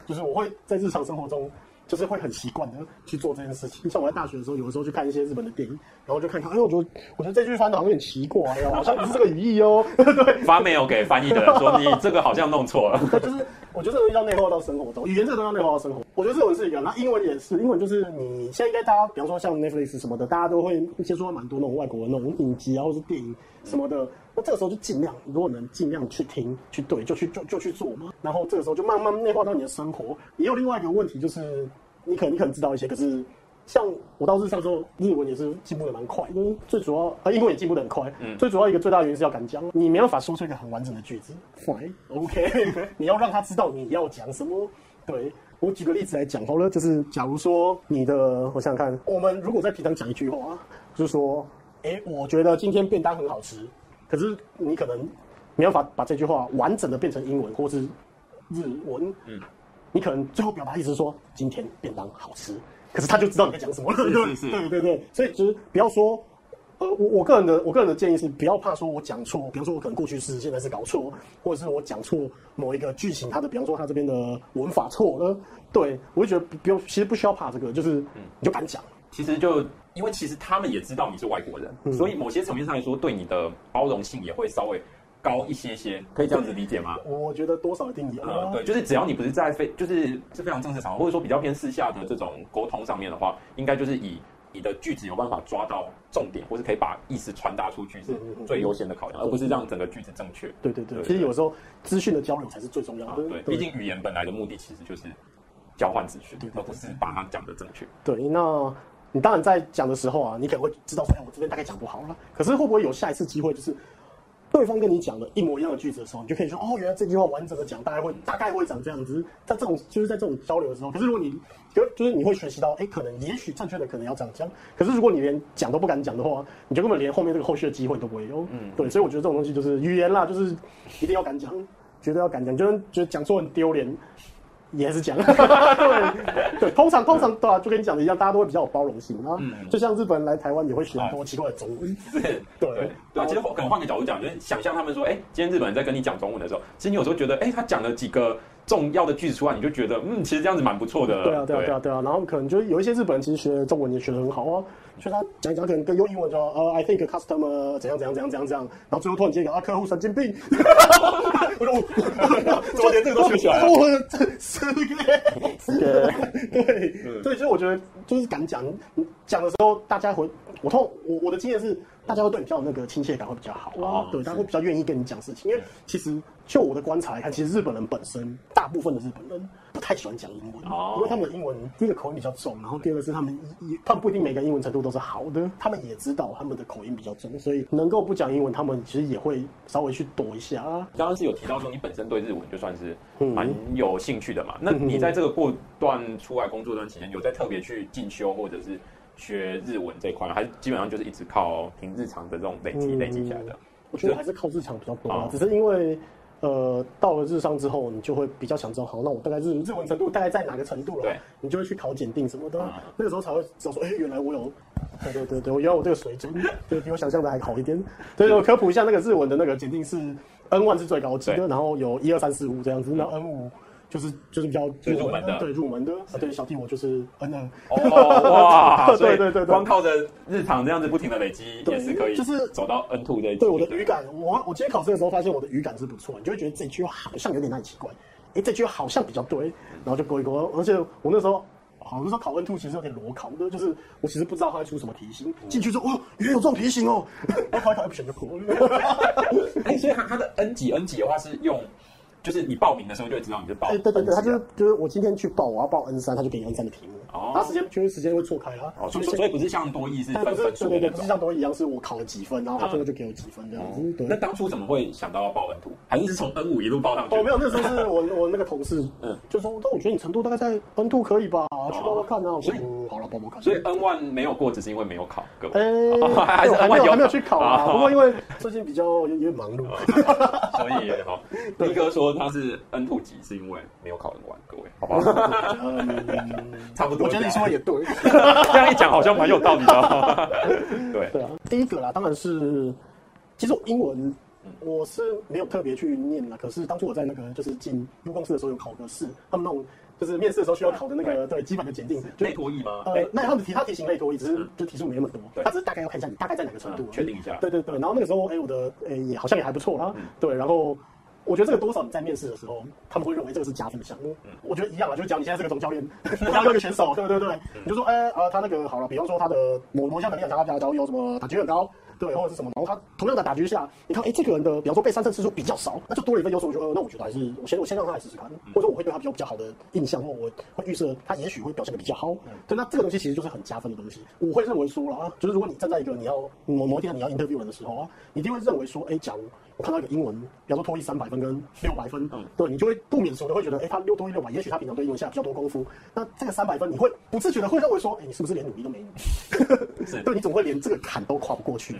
就是我會在日常生活中。就是會很習慣的去做這件事情。像我在大學的時候，有的時候去看一些日本的電影，然後就看看，哎，我覺得我覺得這句翻的好像有點奇怪， 好像不是這個語義哦。對，翻沒有給翻譯的人說，你這個好像弄錯了。 對，就是我覺得這東西要內化到生活中，語言這種要內化到生活。我覺得這種是一個，那英文也是，英文就是你現在應該大家，比方說像 Netflix 什麼的，大家都會接觸蠻多那種外國的那種影集啊，或者是電影什麼的。那這個時候就盡量，如果能盡量去聽、去對，就去就就去做嘛。然後這個時候就慢慢內化到你的生活。也有另外一個問題，就是你可能你可能知道一些，可是像我到時上時候日文也是進步的蠻快，因為最主要啊，英文也進步的很快。嗯、最主要一個最大原因，是要敢講，你沒有法說出一個很完整的句子。Fine，OK，你要讓他知道你要講什麼。對，我舉個例子來講好了，就是假如說你的，我想想看，我們如果在平常講一句話，就是說，哎、欸，我覺得今天便當很好吃。可是你可能沒辦法把這句話完整的變成英文或是日文，嗯，你可能最後表達意思是說今天便當好吃，可是他就知道你在講什麼了，對對對，對對對，所以其實不要說，呃，我我個人的我個人的建議是不要怕說我講錯，比方說我可能過去式現在是搞錯，或者是我講錯某一個劇情，它的比方說它這邊的文法錯了，對我就覺得不用，其實不需要怕這個，就是你就敢講，嗯，其實就。因為其實他們也知道你是外國人，所以某些層面上來說，對你的包容性也會稍微高一些些，可以這樣子理解嗎？我覺得多少的定義啊，對，就是只要你不是在非就是是非常正式場合，或者說比較偏私下的這種溝通上面的話，應該就是以你的句子有辦法抓到重點，或是可以把意思傳達出去是最優先的考量，而不是讓整個句子正確。對對對，其實有時候資訊的交流才是最重要的。對，畢竟語言本來的目的其實就是交換資訊，而不是把它講得正確。對，那。你當然在講的時候啊，你可能會知道說，哎，我這邊大概講不好了。可是會不會有下一次機會，就是對方跟你講的一模一樣的句子的時候，你就可以說，哦，原來這句話完整的講，大概會大概會長這樣子。在這種就是在這種交流的時候，可是如果你就就是你會學習到，哎、欸，可能也許正確的可能要講這樣。可是如果你連講都不敢講的話，你就根本連後面這個後續的機會都不會有。嗯，對，所以我覺得這種東西就是語言啦，就是一定要敢講，絕對要敢講，就是覺得講說很丟臉。你也是講， 對對，通常通常對、啊、就跟你講的一樣，大家都會比較有包容性啊。嗯、就像日本人來台灣，也會學很多奇怪的中文字。嗯、對包對，其實我可能換個角度講，就是想象他們說：“哎、欸，今天日本人在跟你講中文的時候，其實你有時候覺得，哎、欸，他講了幾個。”重要的句子出來，你就覺得嗯，其實這樣子蠻不錯的、嗯。對啊，對啊，對，對啊，對啊。然後可能就是有一些日本人其實學中文也學得很好啊，所、就、以、是、他講一講可能跟用英文說呃、oh，I think a customer 怎樣怎樣怎樣怎樣怎樣，然後最後突然間一個啊，客戶神經病。 我說我怎麼連這個都學起來？我這世界，對，所以其實我覺得就是敢講講的時候，大家會我痛，我我，我的經驗是。大家會對你比較有那個親切感，會比較好啊、哦、對，是大家會比較願意跟你講事情。因為其實就我的觀察來看，其實日本人本身大部分的日本人不太喜歡講英文，哦、因為他們的英文第一個口音比較重，然後第二個是他們他們不一定每個英文程度都是好的，他們也知道他們的口音比較重，所以能夠不講英文，他們其實也會稍微去躲一下啊。剛剛是有提到說，你本身對日文就算是蠻有興趣的嘛，那你在這個過段出來工作段時間，有在特別去進修或者是？學日文這塊，還是基本上就是一直靠平日常的這種累積、嗯、累積起來的。我覺得還是靠日常比較多啊，嗯、只是因為呃到了日商之後，你就會比較想知道，好，那我大概日日文程度大概在哪個程度了？對你就會去考檢定什麼的，嗯、那個時候才會說，誒、欸，原來我有，對對對對，我有我這個水準， 對，比我想象的還好一點。所以是我科普一下，那個日文的那個檢定是 N1 是最高級的，對然後有一二三四五這樣子，那 N 五，嗯。就是就是比較最入門的，對入門的啊，對小弟我就是 N N。哇，對對對，光靠着日常這樣子不停的累積也是可以，就是走到 N two 這一步。對我的語感，我我今天考試的時候發現我的語感是不錯，你就會覺得這句好像有點太奇怪，哎，這句好像比較對，然後就勾一勾。而且我那時候，好多時候考 N two 其實有點裸考，我就是我其實不知道他會出什麼題型，進去說哦，原來有這種題型哦，我考一考不選就哭。哎，所以他他的 N 級 N 級的話是用。就是你報名的時候就會知道你是報，對對對，他就是就是我今天去報，我要報 N 三，他就給你 N 三的題目。哦，他時間絕對時間會錯開啦。哦，所以所以不是像多益是分分數，不是像多益一樣，是我考了幾分，然後他最後就給我幾分這樣子。對。那當初怎麼會想到要報 N 二？還是從 N 五一路報上去？哦，沒有那時候是我我那個同事，嗯，就說，但我覺得你程度大概在 N 二可以吧？去報報看啊。所以好了，報報看。所以 N 一沒有過，只是因為沒有考，各位，還還沒有還沒有去考啊。不過因為最近比較有點忙碌，所以哈，斌哥說。他是 N2 級，是因為沒有考人完，各位，好吧？ 嗯、 差不多，我覺得你說的也對，這樣一講好像蠻有道理的。 對對啊，第一個啦，當然是，其實我英文我是沒有特別去念了。可是當初我在那個就是進入公司的時候有考個試，他們那種就是面試的時候需要考的那個對基本的檢定，內托益嗎？呃，那他們提他提醒內托益，只是就題數沒那麼多，對對他只是大概要看一下你大概在哪個程度、啊，確、嗯、定一下。對對對，然後那個時候，欸、我的、欸、也好像也還不錯啦。嗯、對，然後。我覺得這個多少你在面試的時候，嗯、他們會認為這個是加分的項目。嗯、我覺得一樣啊，就是講你現在是個總教練，講這 個選手，對不對，對？對、嗯、你就說，呃、欸，呃，他那個好了，比方說他的某某項能力啊，他比較高有什麼打擊很高，對，或者是什麼？然後他同樣的打擊下，你看，哎、欸，這個人的比方說被三振次數比較少，那就多了一份優勢。我覺得、呃，那我覺得還是我先我先讓他來試試看，嗯、或者說我會對他比較比較好的印象，或我會預設他也許會表現的比較好。嗯、對，那這個東西其實就是很加分的東西。我會認為說了啊，就是如果你站在一個你要、嗯、某某天你要 interview 的時候啊，你一定會認為說，哎、欸，假如。我看到一個英文，比方說多益三百分跟六百分，嗯，對,你就會不免俗的會覺得，哎、欸，他六多益六百，也許他平常對英文下比較多功夫。那這個三百分，你會不自覺的會認為說，哎、欸，你是不是連努力都沒有？ 是對，你總會連這個坎都跨不過去。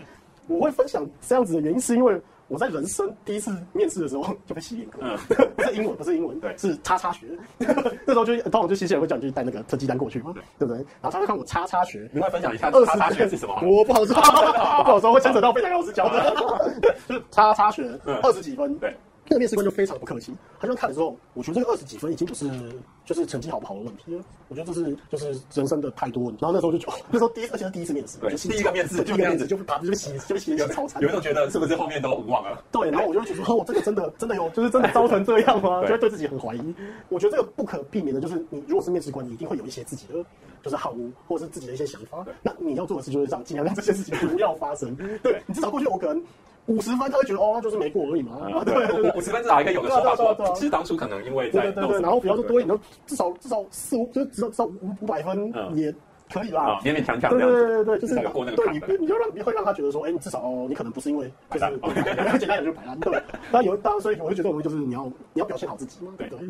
嗯、我會分享這樣子的原因，是因為。我在人生第一次面試的時候就被吸引過，不是英文，不是英文，是叉叉學。那時候就，通常就新西會叫你去帶那個成績單過去嘛，對不對？然後他就看我叉叉學，你來分享一下二十幾分是什麼？我不好說，不好說會牽扯到非常要實教的，就是叉叉學二十幾分，對。這個面試官就非常不客氣，他就這樣看了之後，我覺得這個二十幾分已經不是就是成績好不好的問題了。我覺得這是就是人生的態度問題了。然後那時候就那時候第一，而且是第一次面試，對，第一個面試就這樣子，就打就寫就寫的超慘。有沒有覺得是不是後面都忘了？對，然後我就覺得我這個真的真的有，就是真的糟成這樣嗎？就會對自己很懷疑。我覺得這個不可避免的，就是你如果是面試官，你一定會有一些自己的就是好，或者是自己的一些想法。那你要做的事就是想盡量讓這些事情不要發生。對，你至少過去我可能。五十分他會覺得哦，那就是沒過而已嘛。啊、對對對，五十分至少一個有的時候。啊啊啊啊、其實當初可能因為對對對。然後比方說多一點對對對，你都至，至少 4, 至少四五，就是至少五五百分也。嗯可以啦，勉勉強強這樣。對對對，就是、啊、過那個坎。你就讓你會讓他覺得說，哎、欸，你至少，哦、你可能不是因為就是很藍 簡單點就是擺爛，對， 對。那有當然，所以我就覺得這種東西就是你要你要表現好自己嘛，對對對。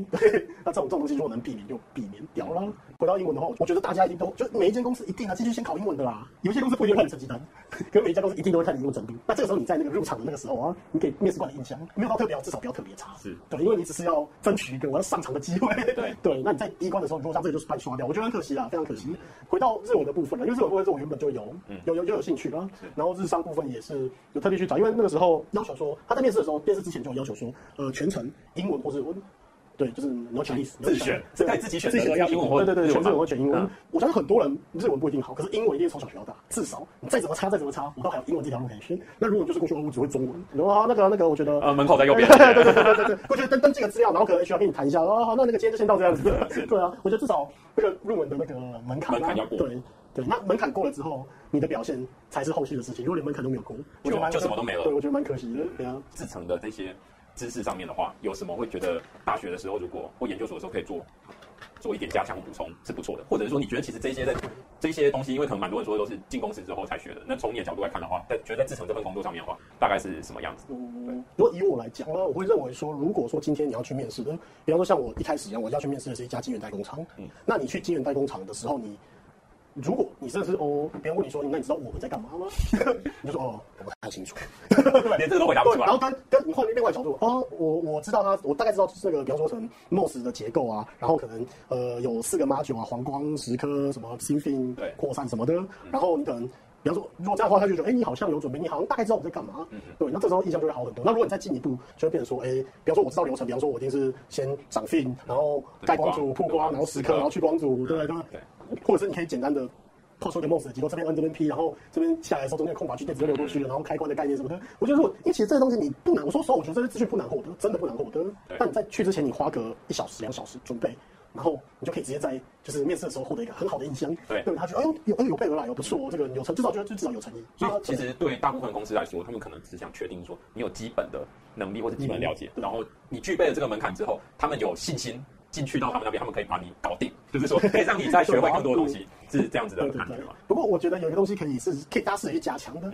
那這種這種東西如果能避免就避免掉啦。嗯、回到英文的話，我覺得大家一定都就每一間公司一定啊，進去，先考英文的啦。有一些公司不一定會看你成績單，可是每一家公司一定都會看你英文整篇。那這個時候你在那個入場的那個時候啊，你給面試官的印象，沒有到特別好，至少不要特別差。是對，因為你只是要爭取一個我要上場的機會。對對，那你在第一關的時候你如果上這裡就是把你刷掉，我覺得很可惜啊，非常可惜。回到、嗯然後日文的部分了，因為日文部分是我原本就有，有有就有興趣啦。然後日商部分也是有特地去找，因為那個時候要求說，他在面試的時候，面試之前就有要求說，呃，全程英文或日文。對，就是你要選歷史，自選，這自己選。自選要英文，對對對，全中文選英文。我相信很多人日文不一定好，可是英文一定從小學到大。至少你再怎麼差，再怎麼差，你都還有英文這條路可以選。那如果你就是過去，我只會中文。然後那個那個，我覺得，呃，門口在右邊。對對對對對，過去登登記個資料，然後可能 HR 跟你談一下。啊，好，那那個今天就先到這樣子。對啊，我覺得至少那個論文的那個門檻，門檻要過。對對，那門檻過了之後，你的表現才是後續的事情。如果連門檻都沒有過，就就什麼都沒了。對，我覺得蠻可惜的。對啊，製程的這些。知識上面的話，有什麼會覺得大學的時候，如果或研究所的時候可以做，做一點加強補充是不錯的。或者是說，你覺得其實這些在這些東西，因為可能蠻多人說都是進公司之後才學的。那從你的角度來看的話，在覺得在製程這份工作上面的話，大概是什麼樣子？對，嗯，對。如果以我來講呢，我會認為說，如果說今天你要去面試的，比方說像我一開始一樣，我要去面試的是一家晶圓代工廠，嗯，那你去晶圓代工廠的時候，你。如果你真的是哦，別人問你說：“你你知道我們在幹嘛嗎？” 你就說：“哦，我不太清楚， 對吧？”連這個都回答不了。然後他，你換另外角度，哦、呃，我我知道他、啊，我大概知道這個，比方說 CMOS 的結構啊，然後可能呃有四個媽九啊，黃光蝕刻什麼 thin 對擴散什麼的，對然後你可能比方說，如果這樣的話，他就覺得：“哎、欸，你好像有準備，你好像大概知道我們在幹嘛。嗯哼”對，那這時候印象就會好很多。那如果你再進一步，就會變成說：“哎、欸，比方說我知道流程，比方說我一定是先長 thin 然後蓋光阻，光曝光，然後蝕刻，然後去光阻，對對對。對”或者是你可以簡單的套出一個 MOS 的結構，這邊按這邊 P，然後這邊下來的時候中間空白區點直接流過去了，然後開關的概念什麼的，我覺得如果其實這些東西你不難，我說實話，我覺得這些資訊不難獲得，真的不難獲得。對但你在去之前你花個一小時兩小時準備，然後你就可以直接在就是面試的時候獲得一個很好的印象，對，因為他就哎呦有哎有備而來，又不錯，嗯、這個有誠，至少覺得至少有誠意。所以其實、啊、其實對大部分公司來說，對他們可能只想確定說你有基本的能力或者基本了解，嗯、然後你具備了這個門檻之後，他們有信心。進去到他們那邊，他們可以把你搞定，就是說可以讓你再學會更多的東西， 對對對，是這樣子的。不過我覺得有一個東西可以是可以大致去加強的，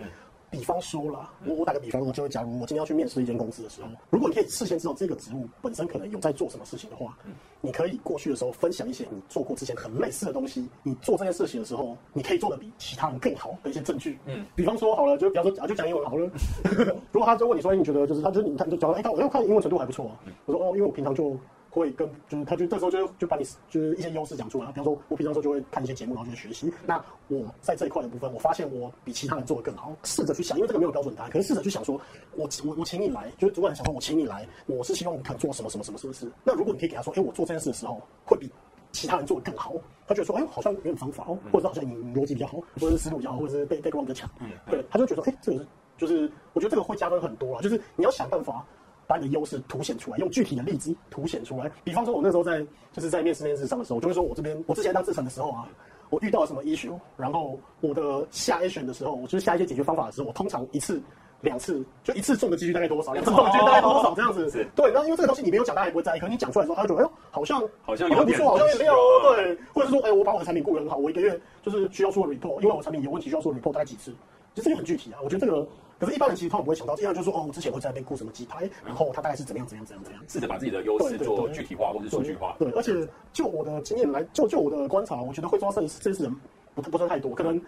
比方說啦，我我打個比方，我就會假如我今天要去面試一間公司的時候，如果你可以事先知道這個職務本身可能有在做什麼事情的話，嗯、你可以過去的時候分享一些你做過之前很類似的東西，你做這件事情的時候，你可以做的比其他人更好的一些證據。嗯，比方說好了，就比方說啊，就講英文好了。 如果他就問你說，你覺得就是他就是你，他就講說，哎，欸、我又看英文程度還不錯啊。嗯、我說哦，因為我平常就。會跟就是他，就這時候就就把你就是一些優勢講出來。比方說，我平常時候就會看一些節目，然後就去學習。那我在這一塊的部分，我發現我比其他人做得更好。試着去想，因為這個沒有標準答案，可是試着去想說，我我我請你來，就是主管想說，我請你來，我是希望你肯做什麼什麼什麼什麼事。那如果你可以給他說，哎、欸，我做這件事的時候會比其他人做得更好，他覺得說，哎、欸，好像有點方法哦，或者好像你邏輯比較好，或者是思路比較好，或者是被被對比較強，嗯，對，他就覺得說，哎、欸，這個就是、就是、我覺得這個會加分很多啊，就是你要想辦法。把你的優勢凸顯出來，用具體的例子凸顯出來。比方說，我那時候在就是在面試面試上的時候，我就會說我這邊我之前在當製程的時候啊，我遇到了什麼 issue，然後我的下 action 的時候，我就是下一些解決方法的時候，我通常一次兩次就一次中的幾率大概多少，兩次中的幾率大概多少這樣子哦哦對，那是因為這個東西你沒有講，大家也不會在意。可你講出來說，時他覺得哎呦，好像好像,有好像也不錯，好像也沒有對,對。或者是說，哎、欸，我把我的產品顧得很好，我一個月就是需要做 report，因為我產品有問題需要做 report，大概幾次，其、就、實、是、這就很具體啊。我覺得這個。可是一般人其實通常不會想到這樣，就是說哦，我之前會在那邊顧什麼雞排，然後他大概是怎麼樣、怎、怎樣、怎樣、嗯、怎樣，試着把自己的優勢做具體化，對對對，或者數據化。對對。對，而且就我的經驗來，就就我的觀察，我覺得會做這這件事人不不算太多，可能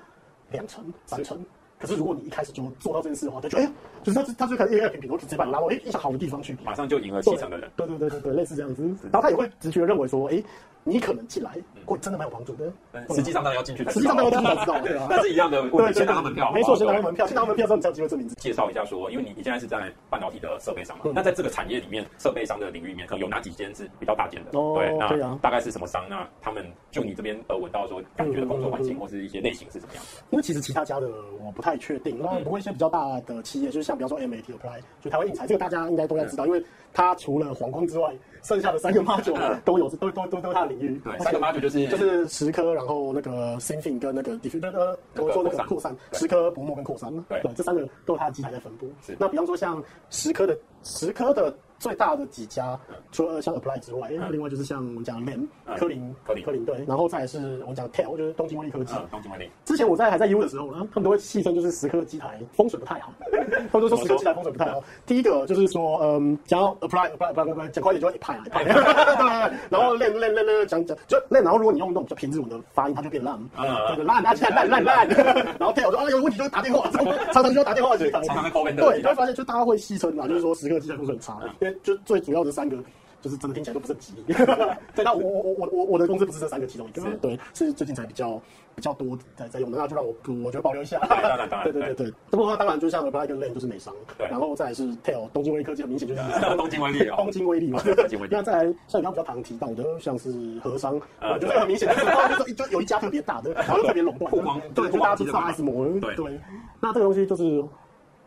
兩成、三成。是可是如果你一開始就做到這件事的話，他就哎呀、欸，就是他他可開始因為平平，我直接把你拉到印象好的地方去，馬上就贏了七成的人。對對對對對，類似這樣子。然後他也會直覺認為說，哎、欸。你可能進來，我真的蠻有幫助的。實際上，當然要進去。實際上，當然要知道，但是一樣的，先拿門票。沒錯，先拿門票。先拿門票之後，你才有機會證明自己。介紹一下，說，因為你你現在是在半導體的設備商嘛，那在這個產業裡面，設備商的領域裡面，可能有哪幾間是比較大間的？對，那大概是什麼商？那他們就你這邊呃，聞到說，感覺的工作環境或是一些類型是怎麼樣？因為其實其他家的我不太確定，當然不會是比較大的企業，就是像比方說 MAT Apply 就台灣應材，這個大家應該都應該知道，因為他除了黃光之外。剩下的三個 module 都有， 都都都都有它的領域。對，且三個 module 就是就是蝕刻，然後那個 thin film 跟那個 diffusion 做那個擴散，蝕刻對薄膜跟擴散嘛。對，這三個都是它的機台在分布。是那比方說像蝕刻的。蝕刻的最大的幾家，除了像 Apply 之外，另外就是像我們講 Lam、科林、科林、科林，對，然後再是，我講的 Tel，就是東京威力科技，東京威力。之前我在還在 U 的時候呢，他們都會戲稱就是蝕刻的機台風水不太好，他們都說蝕刻機台風水不太好。第一個就是說，嗯，講 Apply 不不不不，講快點就 Apply Apply，然後 Lam Lam Lam Lam，講講就 Lam，然後如果你用那種比較平日文的發音，它就變爛。a 啊，就爛爛爛爛爛爛，然後 Tel 我說啊，有個問題就會打電話，常常需要打電話，對，你會發現就大家會戲稱嘛，就是說蝕刻。績工很差，因為就最主要的三個，就是真的聽起來都不是很吉利。對，那我我我我我的工資不是這三個其中一個，是對，所以最近才比較比較多在在用，那就讓我我覺得保留一下。當然當然，對對對對，這部分當然就像我們剛才跟 Lam 就是美商，對然後再是 Tail 東京威力科技，很明顯就是東京威力,、哦京力哦、啊，東京威力,、嗯、力。 然後再來像剛剛唐提到的，像是荷商，呃對，就是很明顯就是 就有一家特別大的，然後特別壟斷，對，就大家就怕什麼？對，那這個東西就是。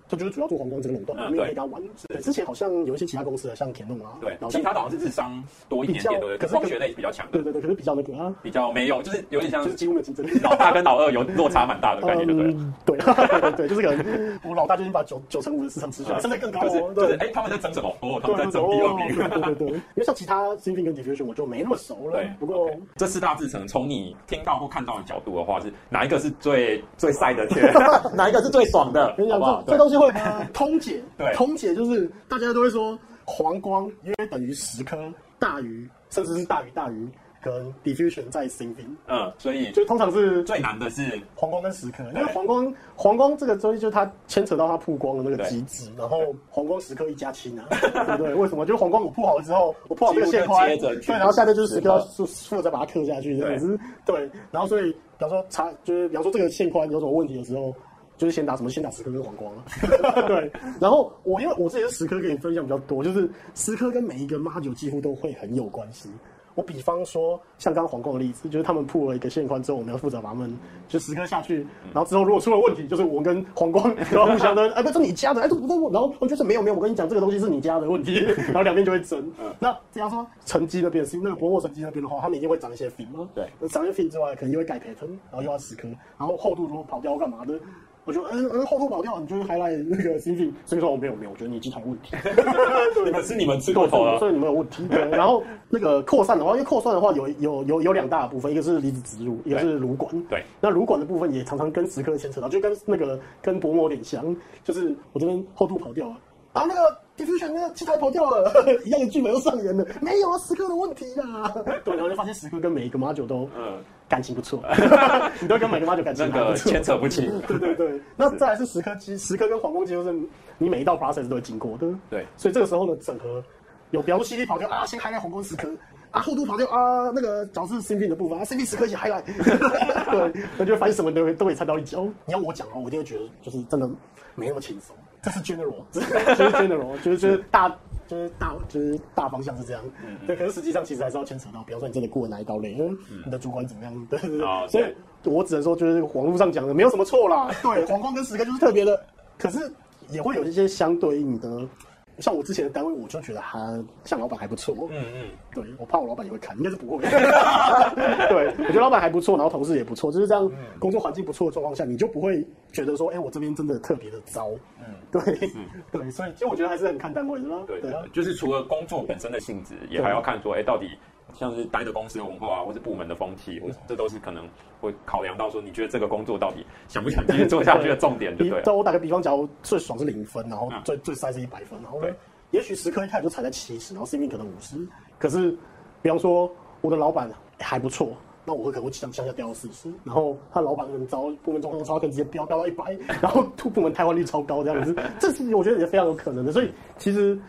就就是主要做黃光這個壟斷，沒有其他玩對，之前好像有一些其他公司的，像田諾啊。對。其他好像是日商多一點點，對不對？可是光學類比較強。對對對，可是比較沒比較沒有，就是有點像是金屋的競爭力。老大跟老二有落差蠻大的概念，對不對？對，對，就這個。我老大就已經把九九成五的市場吃下來，甚至更高了。對對。哎，他們在爭什麼？哦，他們在爭第二名。對對。對，因為像其他新片跟 diffusion 我就沒那麼熟了。對，不過這四大製程，從你聽到或看到的角度的話，是哪一個是最最曬的天？哪一個是最爽的？跟你講吧。這東西。對的， 通解。對，通解就是大家都會說黃光約等於蝕刻大於，甚至是大於大於跟 Diffusion 在心底。Ing, 嗯，所以就通常是最難的是黃光跟蝕刻，對因為黃光黃光這個東西就它牽扯到它曝光的那個極致，對然後黃光蝕刻一家親啊。 對，不對，對，為什麼？就是黃光我曝好了之後，我曝好這個線寬，接對，然後下面就是蝕刻要負責對再把它刻下去。對，對，然後所以比方說查，就是比方說這個線寬有什麼問題的時候。就是先打什麼？先打蝕刻跟黃光了。 對，然後我因為我自己是蝕刻，跟你分享比較多。就是蝕刻跟每一個媽酒幾乎都會很有關係。我比方說，像剛剛黃光的例子，就是他們鋪了一個線框之後，我們要負責把他們就蝕刻下去。然後之後如果出了問題，就是我跟黃光然後互相的，哎，不是這你家的，哎，這不對。然後我就是沒有沒有，我跟你講，這個東西是你家的問題。然後兩邊就會爭。 嗯、那這樣說，沉積的那邊是那個薄膜沉積那邊的話，他們一定會長一些 film。對，長一些 film 之外，可能又會改 pattern，然後又要蝕刻，然後厚度如果跑掉幹嘛的？我說、嗯，嗯，厚度跑掉，你就是還來那個情緒，所以說我、哦、沒有沒有，我覺得你機台有問題， 對你們哈是你們吃夠頭了，所以你們有問題。對，然後那個擴散的話，因為擴散的話有有有有兩大部分，一個是離子植入，對一個是爐管。對，那爐管的部分也常常跟蝕刻牽扯到，就跟那個、嗯、跟薄膜有點、點、像就是我這邊厚度跑掉了，然、啊、後那個 Diffusion 那機台跑掉了， 一樣的劇本又上演了，沒有啊，蝕刻的問題啦。嗯、對，然後就發現蝕刻跟每一個馬九都嗯。感情不錯， 你都跟每個媽就感情不錯，牽扯不清。對對對，是那再來是蝕刻機，蝕刻跟黃光機，就是你每一道 process 都會經過的。對，所以這個時候的整合，有標如西跑掉啊，先還來黃光蝕刻啊，後都跑掉啊，那個導是 CP 的部分啊，CP 蝕刻也還來。對，我就得反正什麼都會都會猜到一腳，你要我講啊，我一定會覺得就是真的沒那麼輕鬆。這是 general， 這是 general，就是大。就是大，就是大方向是這樣，嗯嗯對。可是實際上其實還是要牽扯到，比如說你真的過哪一道嶺，因、嗯、你的主管怎麼樣，對對對。Oh, okay. 所以，我只能說，就是網路上講的沒有什麼錯啦。對， 黃光跟蝕刻就是特別的，可是也會有一些相對應的。像我之前的單位，我就覺得還像老闆還不錯，嗯。嗯嗯，對我怕我老闆也會看，應該是不會 對。對我覺得老闆還不錯，然後同事也不錯，就是這樣，工作環境不錯的狀況下，你就不會覺得說，哎，我這邊真的特別的糟。嗯，對，是對，所以其實我覺得還是很看單位的。對，對對，對啊、就是除了工作本身的性質，也還要看說，哎，到底。像是待的公司文化啊，或是部門的風氣，或者，這都是可能會考量到說，你覺得這個工作到底想不想繼續做下去的重點，就對了。 對，我打個比方講，假如最爽是零分，然後最、嗯、最衰是一百分，然後對也許蝕刻一開始就踩在七十，然後四面可能五十。可是，比方說我的老闆、欸、還不錯，那我會可能會直接向下掉到四十，然後他老闆能招部門中，狀況超好，可以直接飆飆到一百，然後突部門汰換率超高，這樣子， 這是我覺得也是非常有可能的。所以其實。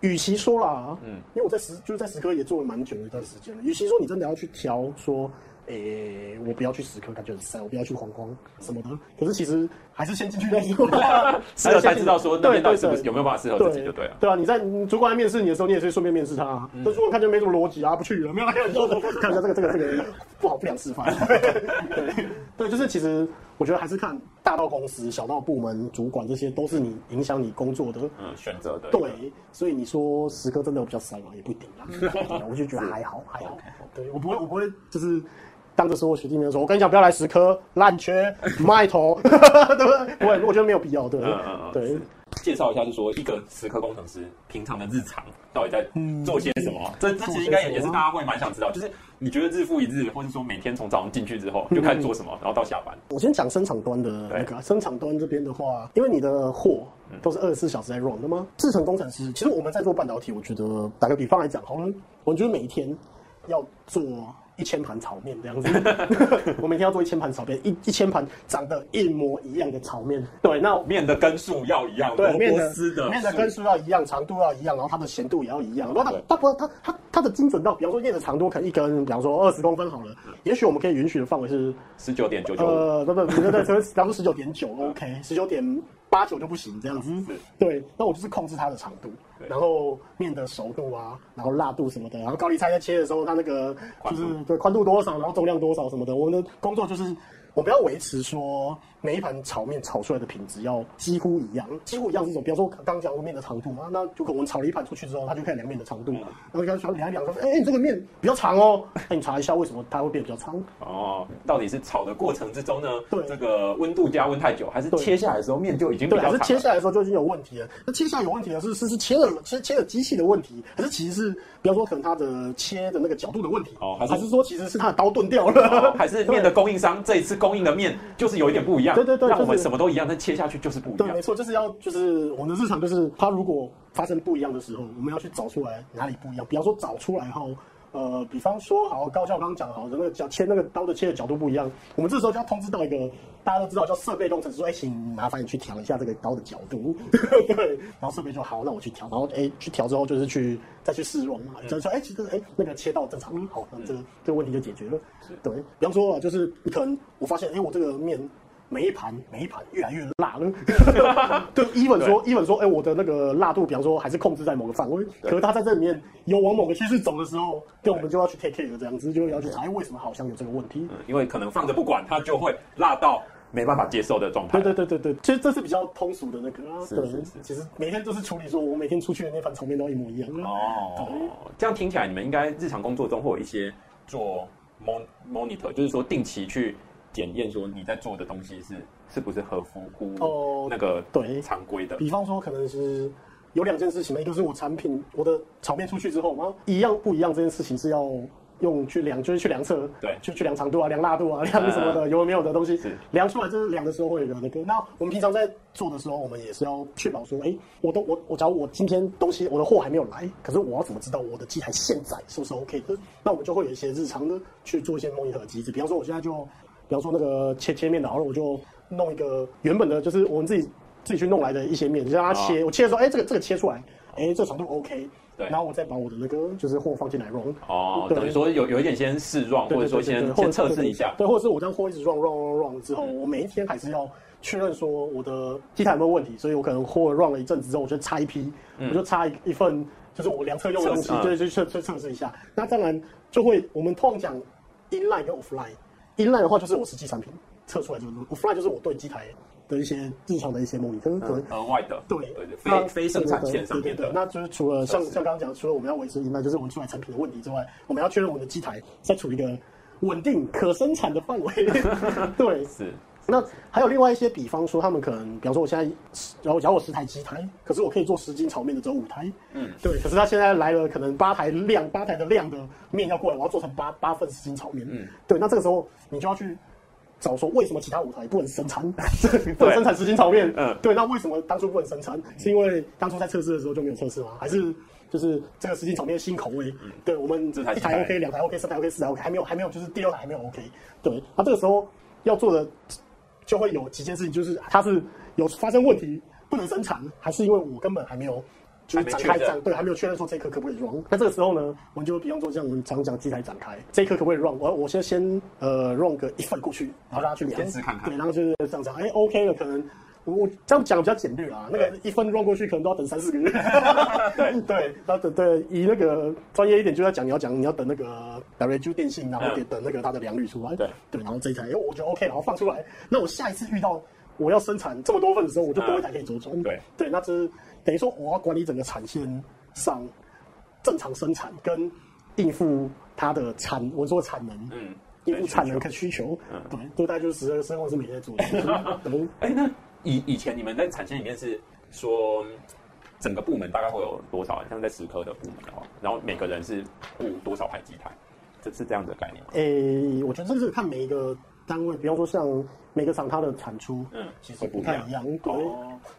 與其說啦，嗯，因為我在蝕就是在蝕刻也做了蠻久的一段時間了。與其說你真的要去挑說，誒、欸，我不要去蝕刻，感覺很塞；我不要去黃光什麼的。可是其實還是先進去面試過，只有才知道說那邊到底是，不是對對對有沒有辦法適合自己就對了。對，對啊，你在你主管來面試你的時候，你也可以順便面試他。啊那如果感覺沒什麼邏輯啊，不去了，沒有沒有， 看一下這個這個 這個不好不想示範。 對，就是其實。我覺得還是看大到公司，小到部門主管，這些都是你影響你工作的。嗯，選擇的對，所以你說蝕刻真的有比較少嘛，也不一定。 我就覺得還好，還好。對我不會，我不會，就是當著所有學弟面說，我跟你講，不要來蝕刻，爛缺麥頭， 對不對？不會，我覺得沒有必要，對。嗯嗯嗯、對。介紹一下，就是說一個蝕刻工程師平常的日常到底在做些什麼？這、這其實，應該也是大家會蠻想知道。就是你覺得日復一日，或者說每天從早上進去之後就開始做什麼，然後到下班，嗯。我先講生產端的那個對生產端這邊的話，因為你的貨都是二十四小時在 run 的嗎？製程工程師，其實我們在做半導體，我覺得打個比方來講，好像，我覺得每一天。要做一千盤炒麵這樣子， 我每天要做一千盤炒麵，一一千盤長得一模一樣的炒麵。對，那麵的根數要一樣，對，的麵的絲的，麵的根數要一樣，長度要一樣，然後它的鹹度也要一樣。那、嗯、它對它不它它它的精準到，比方說麵的長度可能一根，比方說二十公分好了，也許我們可以允許的範圍是十九點九九。呃，對對對，然後十九點九，OK，十九點八九就不行這樣子，對，對，那我就是控制它的長度，然後面的熟度啊，然後辣度什麼的，然後高麗菜在切的時候，它那個就是寬度。對寬度多少，然後重量多少什麼的，我們的工作就是我不要維持說。每一盤炒麵炒出來的品質要幾乎一樣，幾乎一樣是一種，比方說我剛剛講麵的長度嘛，那就跟我們炒了一盤出去之後，他就量麵的長度嘛、嗯然量一。然後量一量說：“哎、欸、你這個麵比較長哦。”那你查一下為什麼它會變得比較長？哦，到底是炒的過程之中呢？對，這個溫度加溫太久，還是切下來的時候麵就已經了對，還是切下來的時候就已經有問題了？那切下來有問題的是是是切了，切切了機器的問題，還是其實是比方說可能它的切的那個角度的問題？哦，還是，還是說其實是他的刀鈍掉了，哦、還是麵的供應商對這一次供應的麵就是有一點不一樣。對對對，我們什麼都一樣，就是，對但切下去就是不一樣。對，沒錯，就是要就是我們日常就是，它如果發生不一樣的時候，我們要去找出來哪裡不一樣。比方說找出來哈，呃，比方說好，高校剛講好的那個叫切那個刀的切的角度不一樣，我們這時候就要通知到一個大家都知道叫設備工程師，哎、請、欸、麻煩你去調一下這個刀的角度。嗯、 對，然後設備就好，那我去調。然後哎、欸，去調之後就是去再去試用嘛，就說哎、欸，其實哎、欸、那個切刀正常，好，那這個、嗯、這個問題就解決了。是對，比方說啊，就是你可能我發現，哎、欸，我這個麵。每一盤每一盤越來越辣了， 對，伊文 對說，伊文對說，哎、欸，我的那個辣度，比方說還是控制在某個範圍，對可是他在這裡面有往某個趨勢走的時候，對，對我們就要去 take care 這樣子，就會要去哎，對為什麼好像有這個問題？嗯、因為可能放着不管，它就會辣到沒辦法接受的狀態。對對對對，其實這是比較通俗的那個，可能其實每天都是處理說，我每天出去的那盤炒面都一模一樣。哦，對這樣聽起來你們應該日常工作中會有一些做 mon monitor，就是說定期去。檢驗說，你在做的東西是是不是合乎乎那個常，呃、對常規的。比方說可能是有兩件事情嘛，一個是我產品我的炒麵出去之後，然後一樣不一樣這件事情是要用去量，就是去量測，對，就去，去量長度啊，量辣度啊，量什麼的、呃、有沒有的東西，是量出來就是量的時候會有的個。那我們平常在做的時候，我們也是要確保說，哎，我都我我假如我今天東西我的貨還沒有來，可是我要怎麼知道我的機台現在是不是 OK 的？那我們就會有一些日常的去做一些模擬和機制，比方說我現在就。比方說那個切切面的，然後我就弄一個原本的，就是我們自己自己去弄來的一些面，讓他切。Oh. 我切的時候，哎、欸，這個這個切出來，哎、oh. 欸，這長、個、度 OK 對。然後我再把我的那個就是貨放進來 run、oh, 對。哦，等於說有有一點先試 run 或者說、這個、先先測試一下。對，或者是我將貨一直 run run run 之後，我每一天還是要確認說我的機台有沒有問題，所以我可能貨 run 了一陣子之後，我就插一批，嗯、我就插一,一份，就是我量測用的東西，測對，去測去嘗試一下。那當然就會我們通常講 inline 跟 offline。Line, in line 的話就是我實際產品測出來這個東西 offline 就是我對機台的一些日常的一些模擬、嗯，可能可能額外的，嗯、對,對非非生產線上面的，對對對對那就是除了像的像剛剛講，的，除了我們要維持 in line，就是我們出來產品的問題之外，我們要確認我們的機台在處於一個穩定可生產的範圍， 對，是。那還有另外一些比方說，他們可能，比方說我現在，然後咬我十台機台，可是我可以做十斤炒麵的這五台，嗯，對。可是他現在來了，可能八台量，八台的量的麵要過來，我要做成八八份十斤炒麵，嗯，對。那這個時候你就要去找說，為什麼其他五台不能生產，不能生產十斤炒麵？嗯，對。那為什麼當初不能生產？嗯、是因為當初在測試的時候就沒有測試嗎？還是就是這個十斤炒麵的新口味？嗯、對，我們一台 OK, 這台 OK，兩台 OK，三台 OK，四台 OK，還沒有，還沒有，就是第六台還沒有 OK。對，那、啊、這個時候要做的。就會有幾件事情，就是它是有發生問題不能生產，還是因為我根本還沒有就是展開展張對，還沒有確認說這顆可不可以 run？那這個時候呢，我們就比方說像，我們常講機台展開，這顆可不可以 run？我我先先呃 run 個一份過去，然後讓他去量。看看，對，然後就是這樣講，哎，OK 了可能。我這樣講比較簡略啊，那個一分鐘過去可能都要等三四個月。對 對，要等對，以那個專業一點就在講，你要講你要等那個 WQ 電信，然後等等那個它的良率出來。對對，然後這一台因為我覺得 OK，然後放出來，那我下一次遇到我要生產這麼多份的時候，我就多一台可以做做、啊。對對，那只等於說我要管理整個產線上正常生產跟應付它的產我說產能，嗯，應付產能跟需求，嗯、對，多大就是十二十二萬是每天做的。麼、嗯？哎對、欸、那。以以前你們在產線裡面是說，整個部門，大概會有多少人？像在蝕刻的部門哦，然後每個人是顧多少排機台，這就是這樣的概念誒、欸，我覺得這個是看每一個單位，比方說像。每個廠它的產出其實不太一樣。對。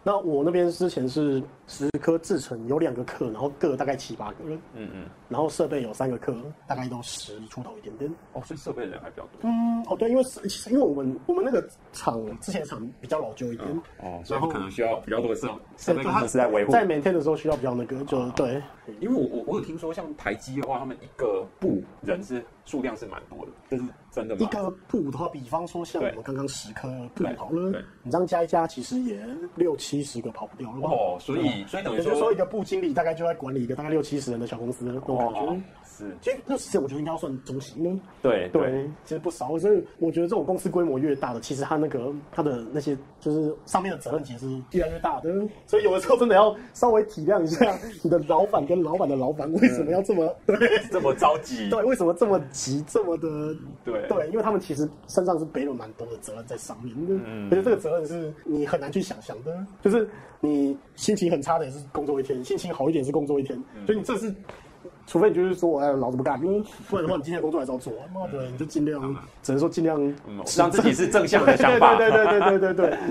那我那邊之前是十顆制程，有兩個課，然後各大概七八個。嗯嗯，然後設備有三個課，大概都十出頭一點點。哦，所以設備人還比較多。嗯，哦對，因為是因為我們我們那個廠之前廠比較老舊一點。哦，所以可能需要比較多的設備。設備是在維護，在每天的時候需要比較那個，就對。因為我我我有聽說，像台積的話，他們一個部人是數量是蠻多的，就是真的？一個部的話，比方說像我們剛剛十。顆不能跑了，你這樣加一加，其實也六七十個跑不掉了。哦，所以、嗯、所以等於說，一個部經理大概就在管理一個大概六七十人的小公司。感覺哦。是其實，那時間我覺得應該要算中型呢，因對對、對，其實不少。所以我覺得這種公司規模越大的，其實它那個它的那些，就是上面的責任其實是越來越大的。所以有的時候真的要稍微體諒一下你的老闆跟老闆的老闆，為什麼要這麼這麼着急，對，嗯、 對，為什麼這麼急、嗯、這麼的，對對，因為他們其實身上是背了蠻多的責任在上面的。我覺得這個責任是你很難去想象的，就是你心情很差的也是工作一天，心情好一點是工作一天，嗯、所以你這是。除非你就是說，哎，老子不幹，不、嗯、然的話，你今天的工作還是要做。媽的， 你就盡量，嗯、只能說盡量讓、嗯、自己是正向的想法。 對，對，對，對對對對對對對。